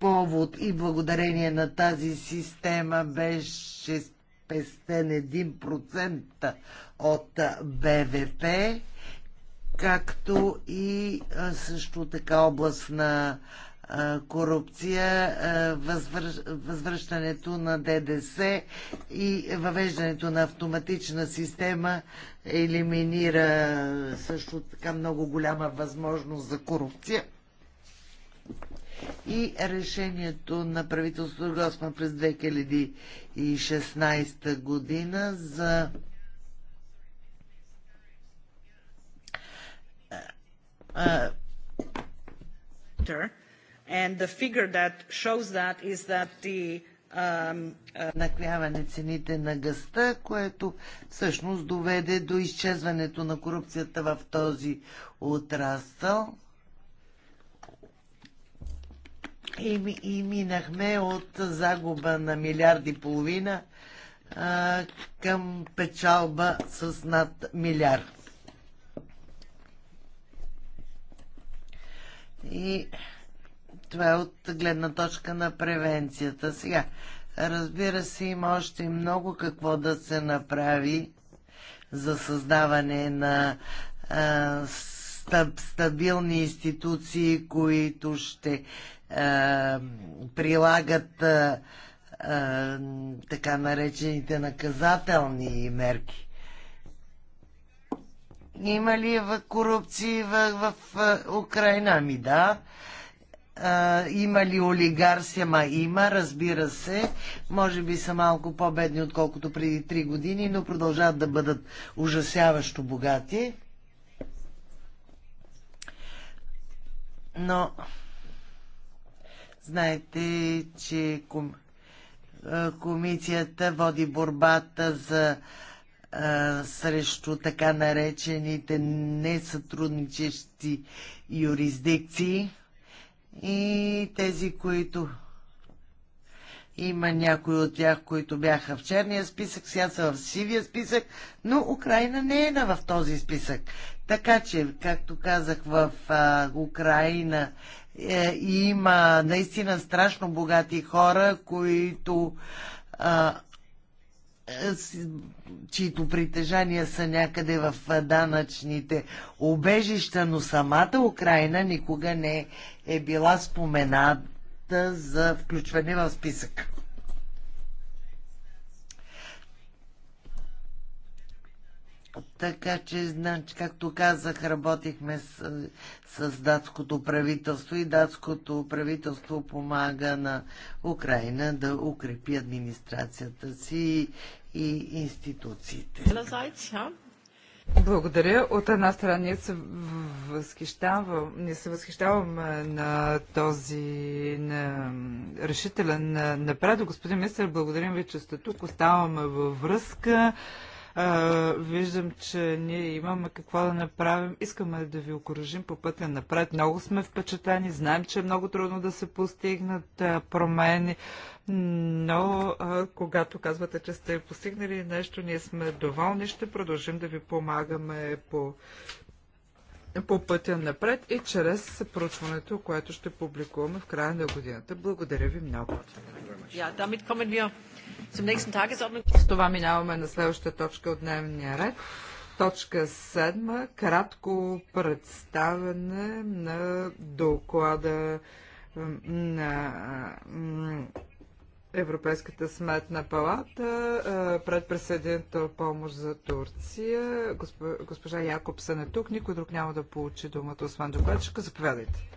Speaker 2: повод и благодарение на тази система беше спестен 1% от БВП, както и също така област на корупция, възвръщането на ДДС и въвеждането на автоматична система елиминира също така много голяма възможност за корупция. И решението на правителството Госма през 2016 година за а, а, And the figure that shows that is that the um, uh, накляване цените на гъста, което всъщност доведе до изчезването на корупцията в този отрасъл. И, и минахме от загуба на милиарди и половина а, към печалба с над милиард. И това е от гледна точка на превенцията. Сега, разбира се, има още много какво да се направи за създаване на а, стабилни институции, които ще а, прилагат а, а, така наречените наказателни мерки. Има ли корупции в, в, в Украина? Ми да. А, има ли олигарси? Ама има, разбира се. Може би са малко по-бедни, отколкото преди три години, но продължават да бъдат ужасяващо богати. Но знаете, че ком... комисията води борбата за срещу така наречените несътрудничещи юрисдикции и тези, които има някои от тях, които бяха в черния списък, сега са в сивия списък, но Украина не е на в този списък. Така че, както казах, в а, Украина е, има наистина страшно богати хора, които а, е, чието притежания са някъде в е, данъчните обежища, но самата Украина никога не е била спомената за включване в списък. Така че, значи, както казах, работихме с, с датското правителство и датското правителство помага на Украина да укрепи администрацията си
Speaker 3: и институциите. Благодаря. От една страна ние се, възхищавам, ние се възхищавам е, на този на решителен е, напредък. Господин министър, благодарим ви, че сте тук. Оставаме във връзка виждам, че ние имаме какво да направим. Искаме да ви окоръжим по пътя напред. Много сме впечатлени, знаем, че е много трудно да се постигнат промени, но когато казвате, че сте постигнали нещо, ние сме доволни, ще продължим да ви помагаме по по пътя напред и чрез проучването, което ще публикуваме в края на годината. Благодаря ви много. С това минаваме на следващата точка от дневния ред. Точка 7. Кратко представяне на доклада на Европейската сметна палата, предпреседента помощ за Турция. Госпожа Якобсен е тук. Никой друг няма да получи думата, освен докладчика. Заповядайте.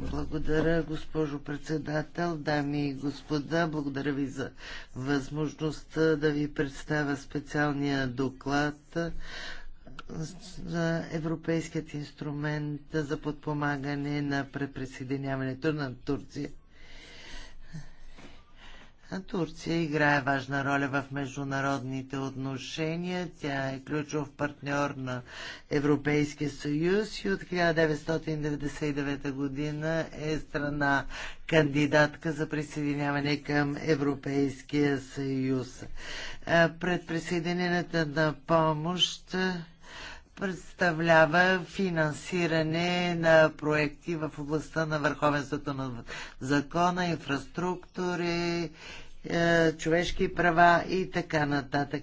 Speaker 3: Благодаря,
Speaker 2: госпожо председател, дами и господа. Благодаря ви за възможността да ви представя специалния доклад за Европейският инструмент за подпомагане на преприсъединяването на Турция Турция играе важна роля в международните отношения. Тя е ключов партньор на Европейския съюз и от 1999 година е страна кандидатка за присъединяване към Европейския съюз. Пред присъединената на помощ представлява финансиране на проекти в областта на върховенството на закона, инфраструктури, е, човешки права и така нататък.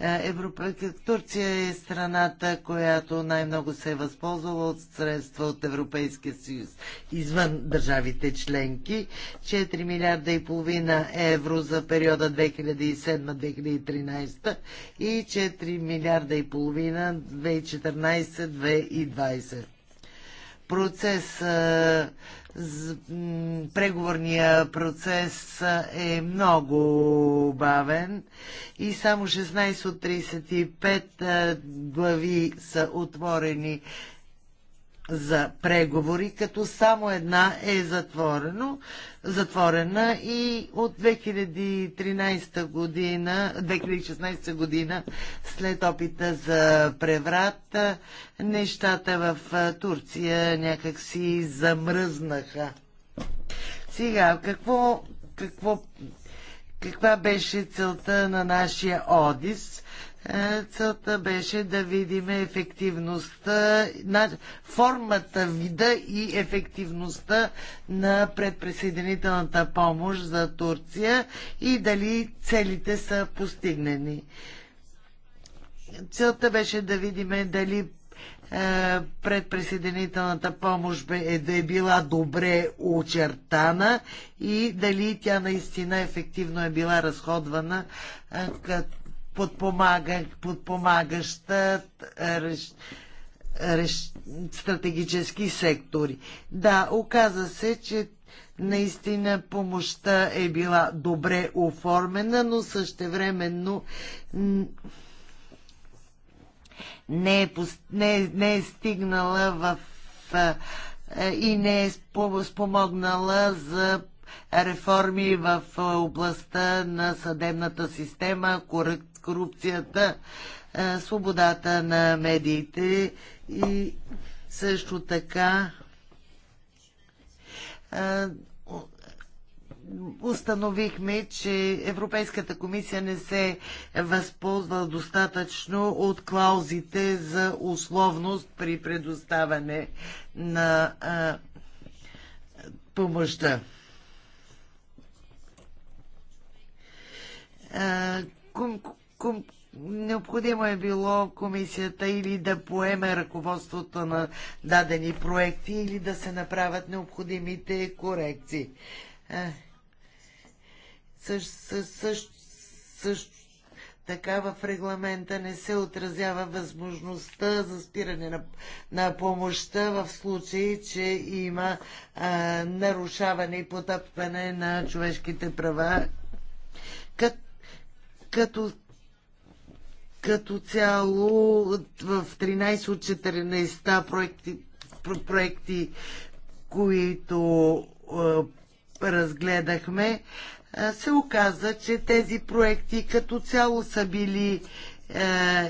Speaker 2: Е, Европа, Турция е страната, която най-много се е възползвала от средства от Европейския съюз извън държавите членки. 4 милиарда и половина евро за периода 2007-2013 и 4 милиарда и половина 2014-2020. Процес е, преговорния процес е много бавен и само 16 от 35 глави са отворени за преговори, като само една е затворено, затворена и от 2013 година, 2016 година, след опита за преврат, нещата в Турция някак си замръзнаха. Сега, какво, какво, каква беше целта на нашия Одис? Е, целта беше да видим ефективността, формата, вида и ефективността на предприсъединителната помощ за Турция и дали целите са постигнени. Целта беше да видим дали е, предприсъединителната помощ е, да е била добре очертана и дали тя наистина ефективно е била разходвана е, като подпомага, подпомагаща реш, реш, стратегически сектори. Да, оказа се, че наистина помощта е била добре оформена, но същевременно не е, не, не е стигнала в и не е спомогнала за реформи в областта на съдебната система, корупцията, свободата на медиите и също така установихме, че Европейската комисия не се възползва достатъчно от клаузите за условност при предоставяне на а, помощта. А, ком... необходимо е било комисията или да поеме ръководството на дадени проекти, или да се направят необходимите корекции. Е, също, също така в регламента не се отразява възможността за спиране на, на помощта в случай, че има а, е, нарушаване и потъпване на човешките права. Кът, като като цяло в 13 от 14 проекти, проекти които е, разгледахме, се оказа, че тези проекти като цяло са били е,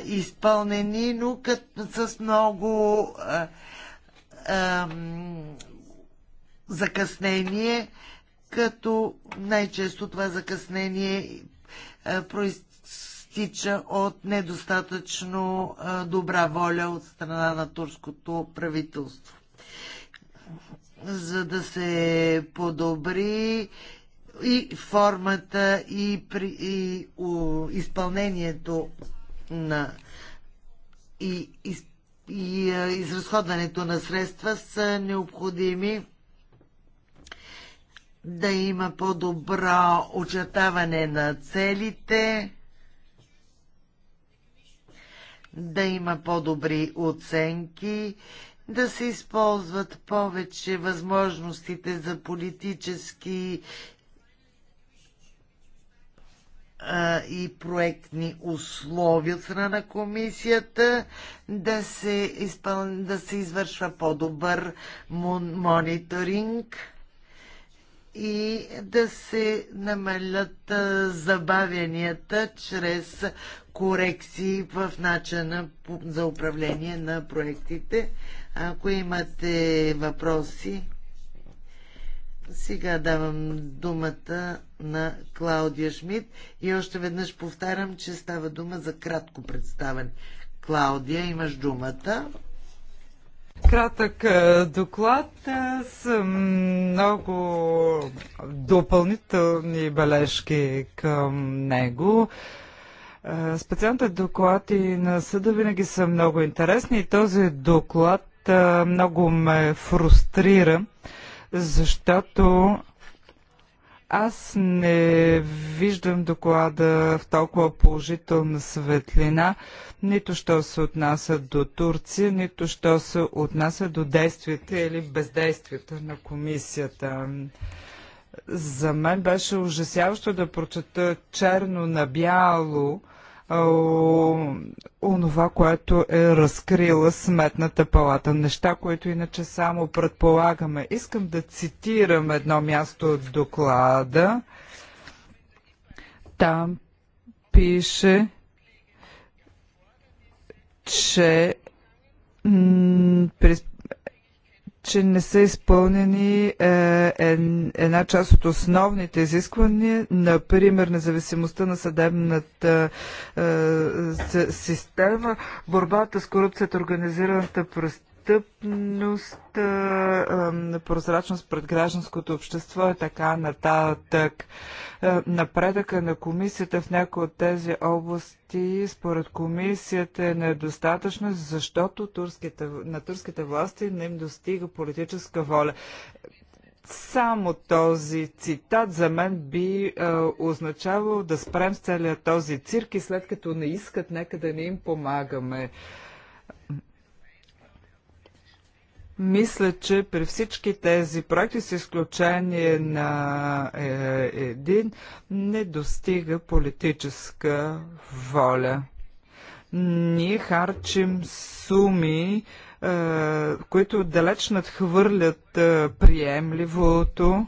Speaker 2: изпълнени, но като, с много е, е, закъснение, като най-често това закъснение е, проист проистича от недостатъчно добра воля от страна на турското правителство. За да се подобри и формата, и, при, и у, изпълнението на и, и, и изразходването на средства са необходими да има по-добро очертаване на целите, да има по-добри оценки, да се използват повече възможностите за политически и проектни условия от страна на комисията, да се, изпъл... да се извършва по-добър мониторинг и да се намалят забавянията чрез корекции в начина за управление на проектите. Ако имате въпроси, сега давам думата на Клаудия Шмидт и още веднъж повтарям, че става дума за кратко представен. Клаудия, имаш думата.
Speaker 3: Кратък е, доклад с много допълнителни бележки към него. Е, специалните доклади на съда винаги са много интересни и този доклад е, много ме фрустрира, защото аз не виждам доклада в толкова положителна светлина, нито що се отнася до Турция, нито що се отнася до действията или бездействията на комисията. За мен беше ужасяващо да прочета черно на бяло онова, което е разкрила Сметната палата. Неща, които иначе само предполагаме. Искам да цитирам едно място от доклада. Там пише, че през че не са изпълнени е, една част от основните изисквания, например независимостта на съдебната е, система, борбата с корупцията, организираната престъпност достъпност, прозрачност пред гражданското общество и така нататък. Напредъка на комисията в някои от тези области според комисията е недостатъчно, защото турските, на турските власти не им достига политическа воля. Само този цитат за мен би е, означавал да спрем с целият този цирк и след като не искат, нека да не им помагаме. Мисля, че при всички тези проекти, с изключение на е, един, не достига политическа воля. Ние харчим суми, е, които далеч надхвърлят е, приемливото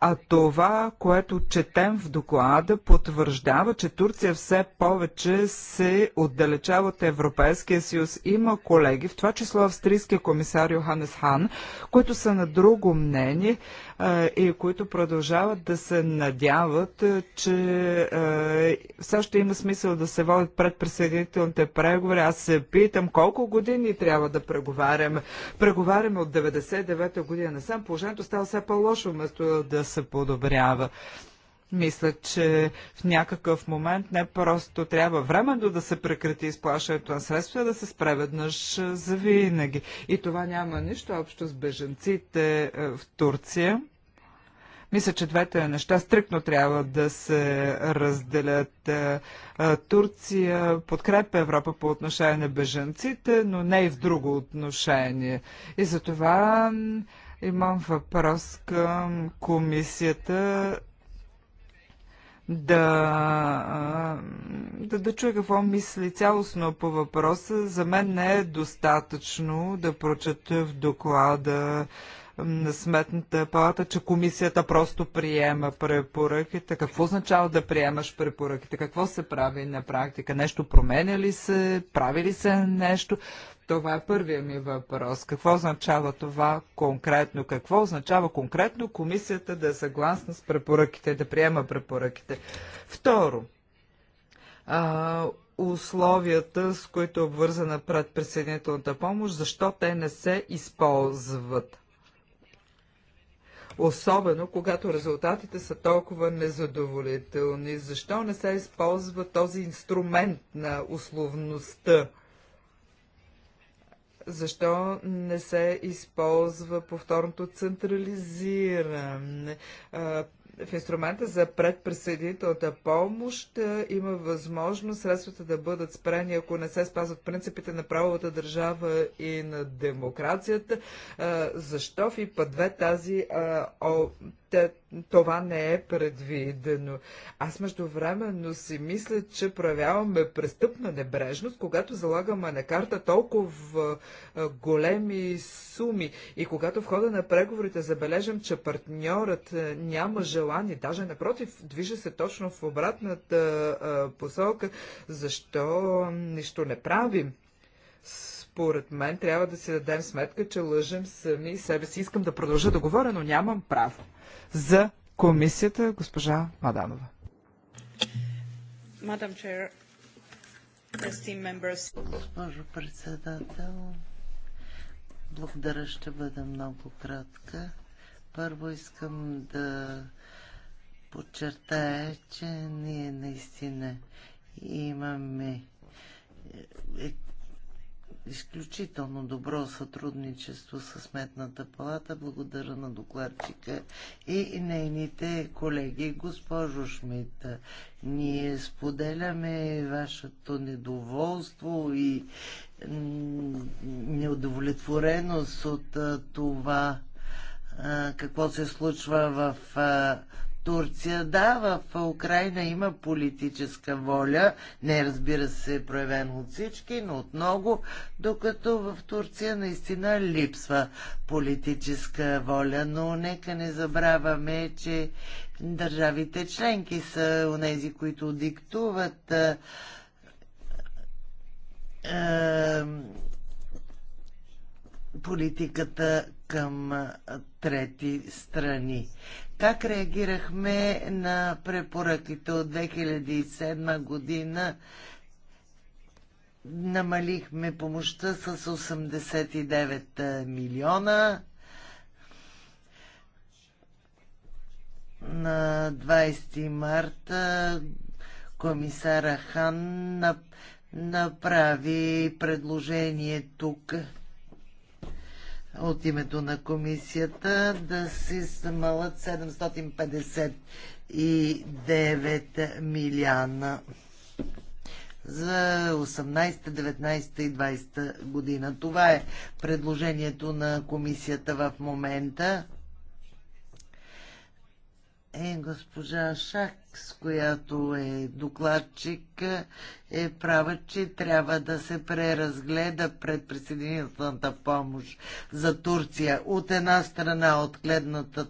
Speaker 3: а това, което четем в доклада, потвърждава, че Турция все повече се отдалечава от Европейския съюз. Има колеги, в това число австрийския комисар Йоханес Хан, които са на друго мнение, и които продължават да се надяват, че все още има смисъл да се водят предприсъединителните преговори. Аз се питам колко години трябва да преговаряме. Преговаряме от 99-та година Сам Положението става все по-лошо, вместо да се подобрява. Мисля, че в някакъв момент не просто трябва временно да се прекрати изплащането на средства, а да се спре веднъж за винаги. И това няма нищо общо с беженците е, в Турция. Мисля, че двете неща стриктно трябва да се разделят. Е, е, Турция подкрепя Европа по отношение на беженците, но не и в друго отношение. И за това имам въпрос към комисията да, да, да чуя какво мисли цялостно по въпроса. За мен не е достатъчно да прочета в доклада на сметната палата, че комисията просто приема препоръките. Какво означава да приемаш препоръките? Какво се прави на практика? Нещо променя ли се? Прави ли се нещо? Това е първият ми въпрос. Какво означава това конкретно? Какво означава конкретно комисията да е съгласна с препоръките, да приема препоръките? Второ, а, условията, с които е обвързана предприсъединителната помощ, защо те не се използват? Особено, когато резултатите са толкова незадоволителни. Защо не се използва този инструмент на условността? Защо не се използва повторното централизиране? в инструмента за предприсъединителната помощ има възможност средствата да бъдат спрени, ако не се спазват принципите на правовата държава и на демокрацията. Защо в ИПА-2 тази те, това не е предвидено. Аз междувременно си мисля, че проявяваме престъпна небрежност, когато залагаме на карта толкова големи суми и когато в хода на преговорите забележим, че партньорът няма желание, даже напротив, движи се точно в обратната посока, защо нищо не правим според мен трябва да си дадем сметка, че лъжем сами себе си. Искам да продължа да говоря, но нямам право за комисията госпожа Маданова.
Speaker 4: Мадам Чер, Госпожо
Speaker 2: председател, благодаря, ще бъда много кратка. Първо искам да подчертая, че ние наистина имаме е, изключително добро сътрудничество с Сметната палата. Благодаря на докладчика и нейните колеги. Госпожо Шмидт, ние споделяме вашето недоволство и неудовлетвореност от това какво се случва в Турция. Да, в Украина има политическа воля, не разбира се проявено от всички, но от много, докато в Турция наистина липсва политическа воля. Но нека не забравяме, че държавите членки са онези, които диктуват политиката към трети страни. Как реагирахме на препоръките от 2007 година? Намалихме помощта с 89 милиона на 20 марта комисара Хан направи предложение тук от името на комисията да се смалат 759 милиона за 18, 19 и 20 година. Това е предложението на комисията в момента е госпожа Шакс, която е докладчик, е права, че трябва да се преразгледа пред присъединителната помощ за Турция. От една страна, от гледната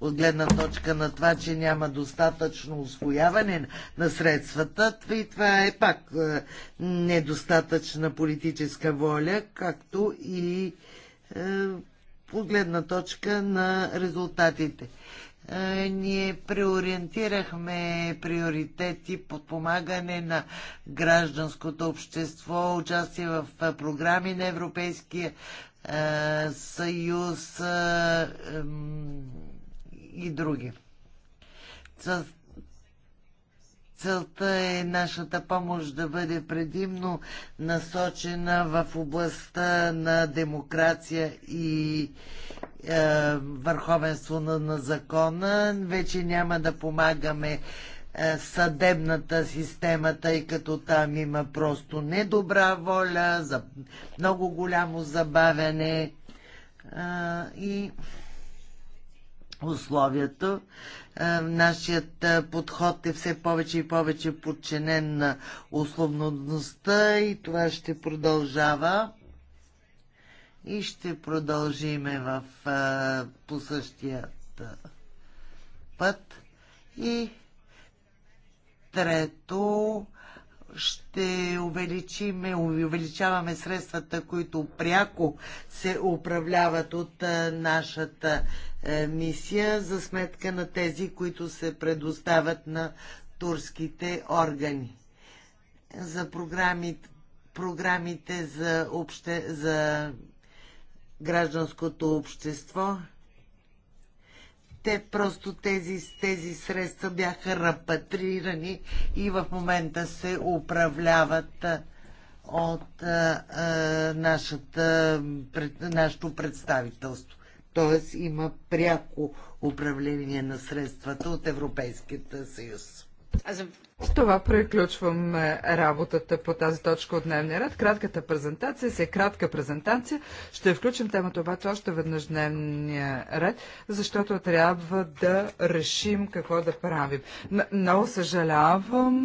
Speaker 2: от гледна точка на това, че няма достатъчно освояване на средствата. И това е пак е, недостатъчна политическа воля, както и е, от гледна точка на резултатите. Е, ние преориентирахме приоритети, подпомагане на гражданското общество, участие в е, програми на Европейския е, съюз и други. Целта е нашата помощ да бъде предимно насочена в областта на демокрация и е, върховенство на, на закона. Вече няма да помагаме е, съдебната система, тъй като там има просто недобра воля, за много голямо забавяне а, е, и условието. А, нашият подход е все повече и повече подчинен на условността и това ще продължава и ще продължиме в, а, по същият а, път. И трето, ще увеличиме, увеличаваме средствата, които пряко се управляват от нашата е, мисия за сметка на тези, които се предоставят на турските органи. За програмите, програмите за, обще, за гражданското общество. Те просто тези, тези средства бяха рапатрирани и в момента се управляват от а, а, нашата, пред, нашето представителство. Тоест има пряко управление на средствата от Европейския съюз.
Speaker 3: С това приключвам е, работата по тази точка от дневния ред. Кратката презентация се е кратка презентация. Ще включим темата обаче още веднъж дневния ред, защото трябва да решим какво да правим. Много съжалявам,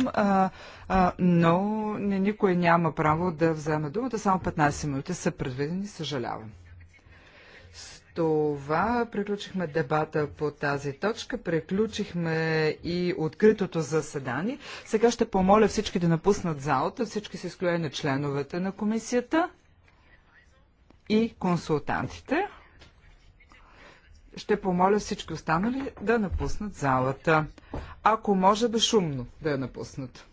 Speaker 3: но никой няма право да вземе думата. Само 15 минути са предвидени. Съжалявам това приключихме дебата по тази точка, приключихме и откритото заседание. Сега ще помоля всички да напуснат залата, всички се изклюя на членовете на комисията и консултантите. Ще помоля всички останали да напуснат залата. Ако може шумно да я напуснат.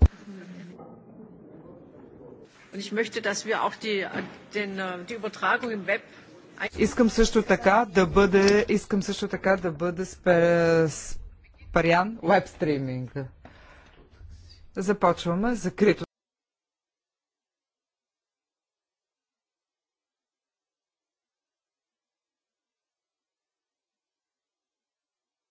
Speaker 1: Und ich möchte, dass wir auch die, den, äh, die Übertragung im Web Искам също
Speaker 3: така да бъде, искам също така да бъде спарян веб стриминга. Започваме закрито.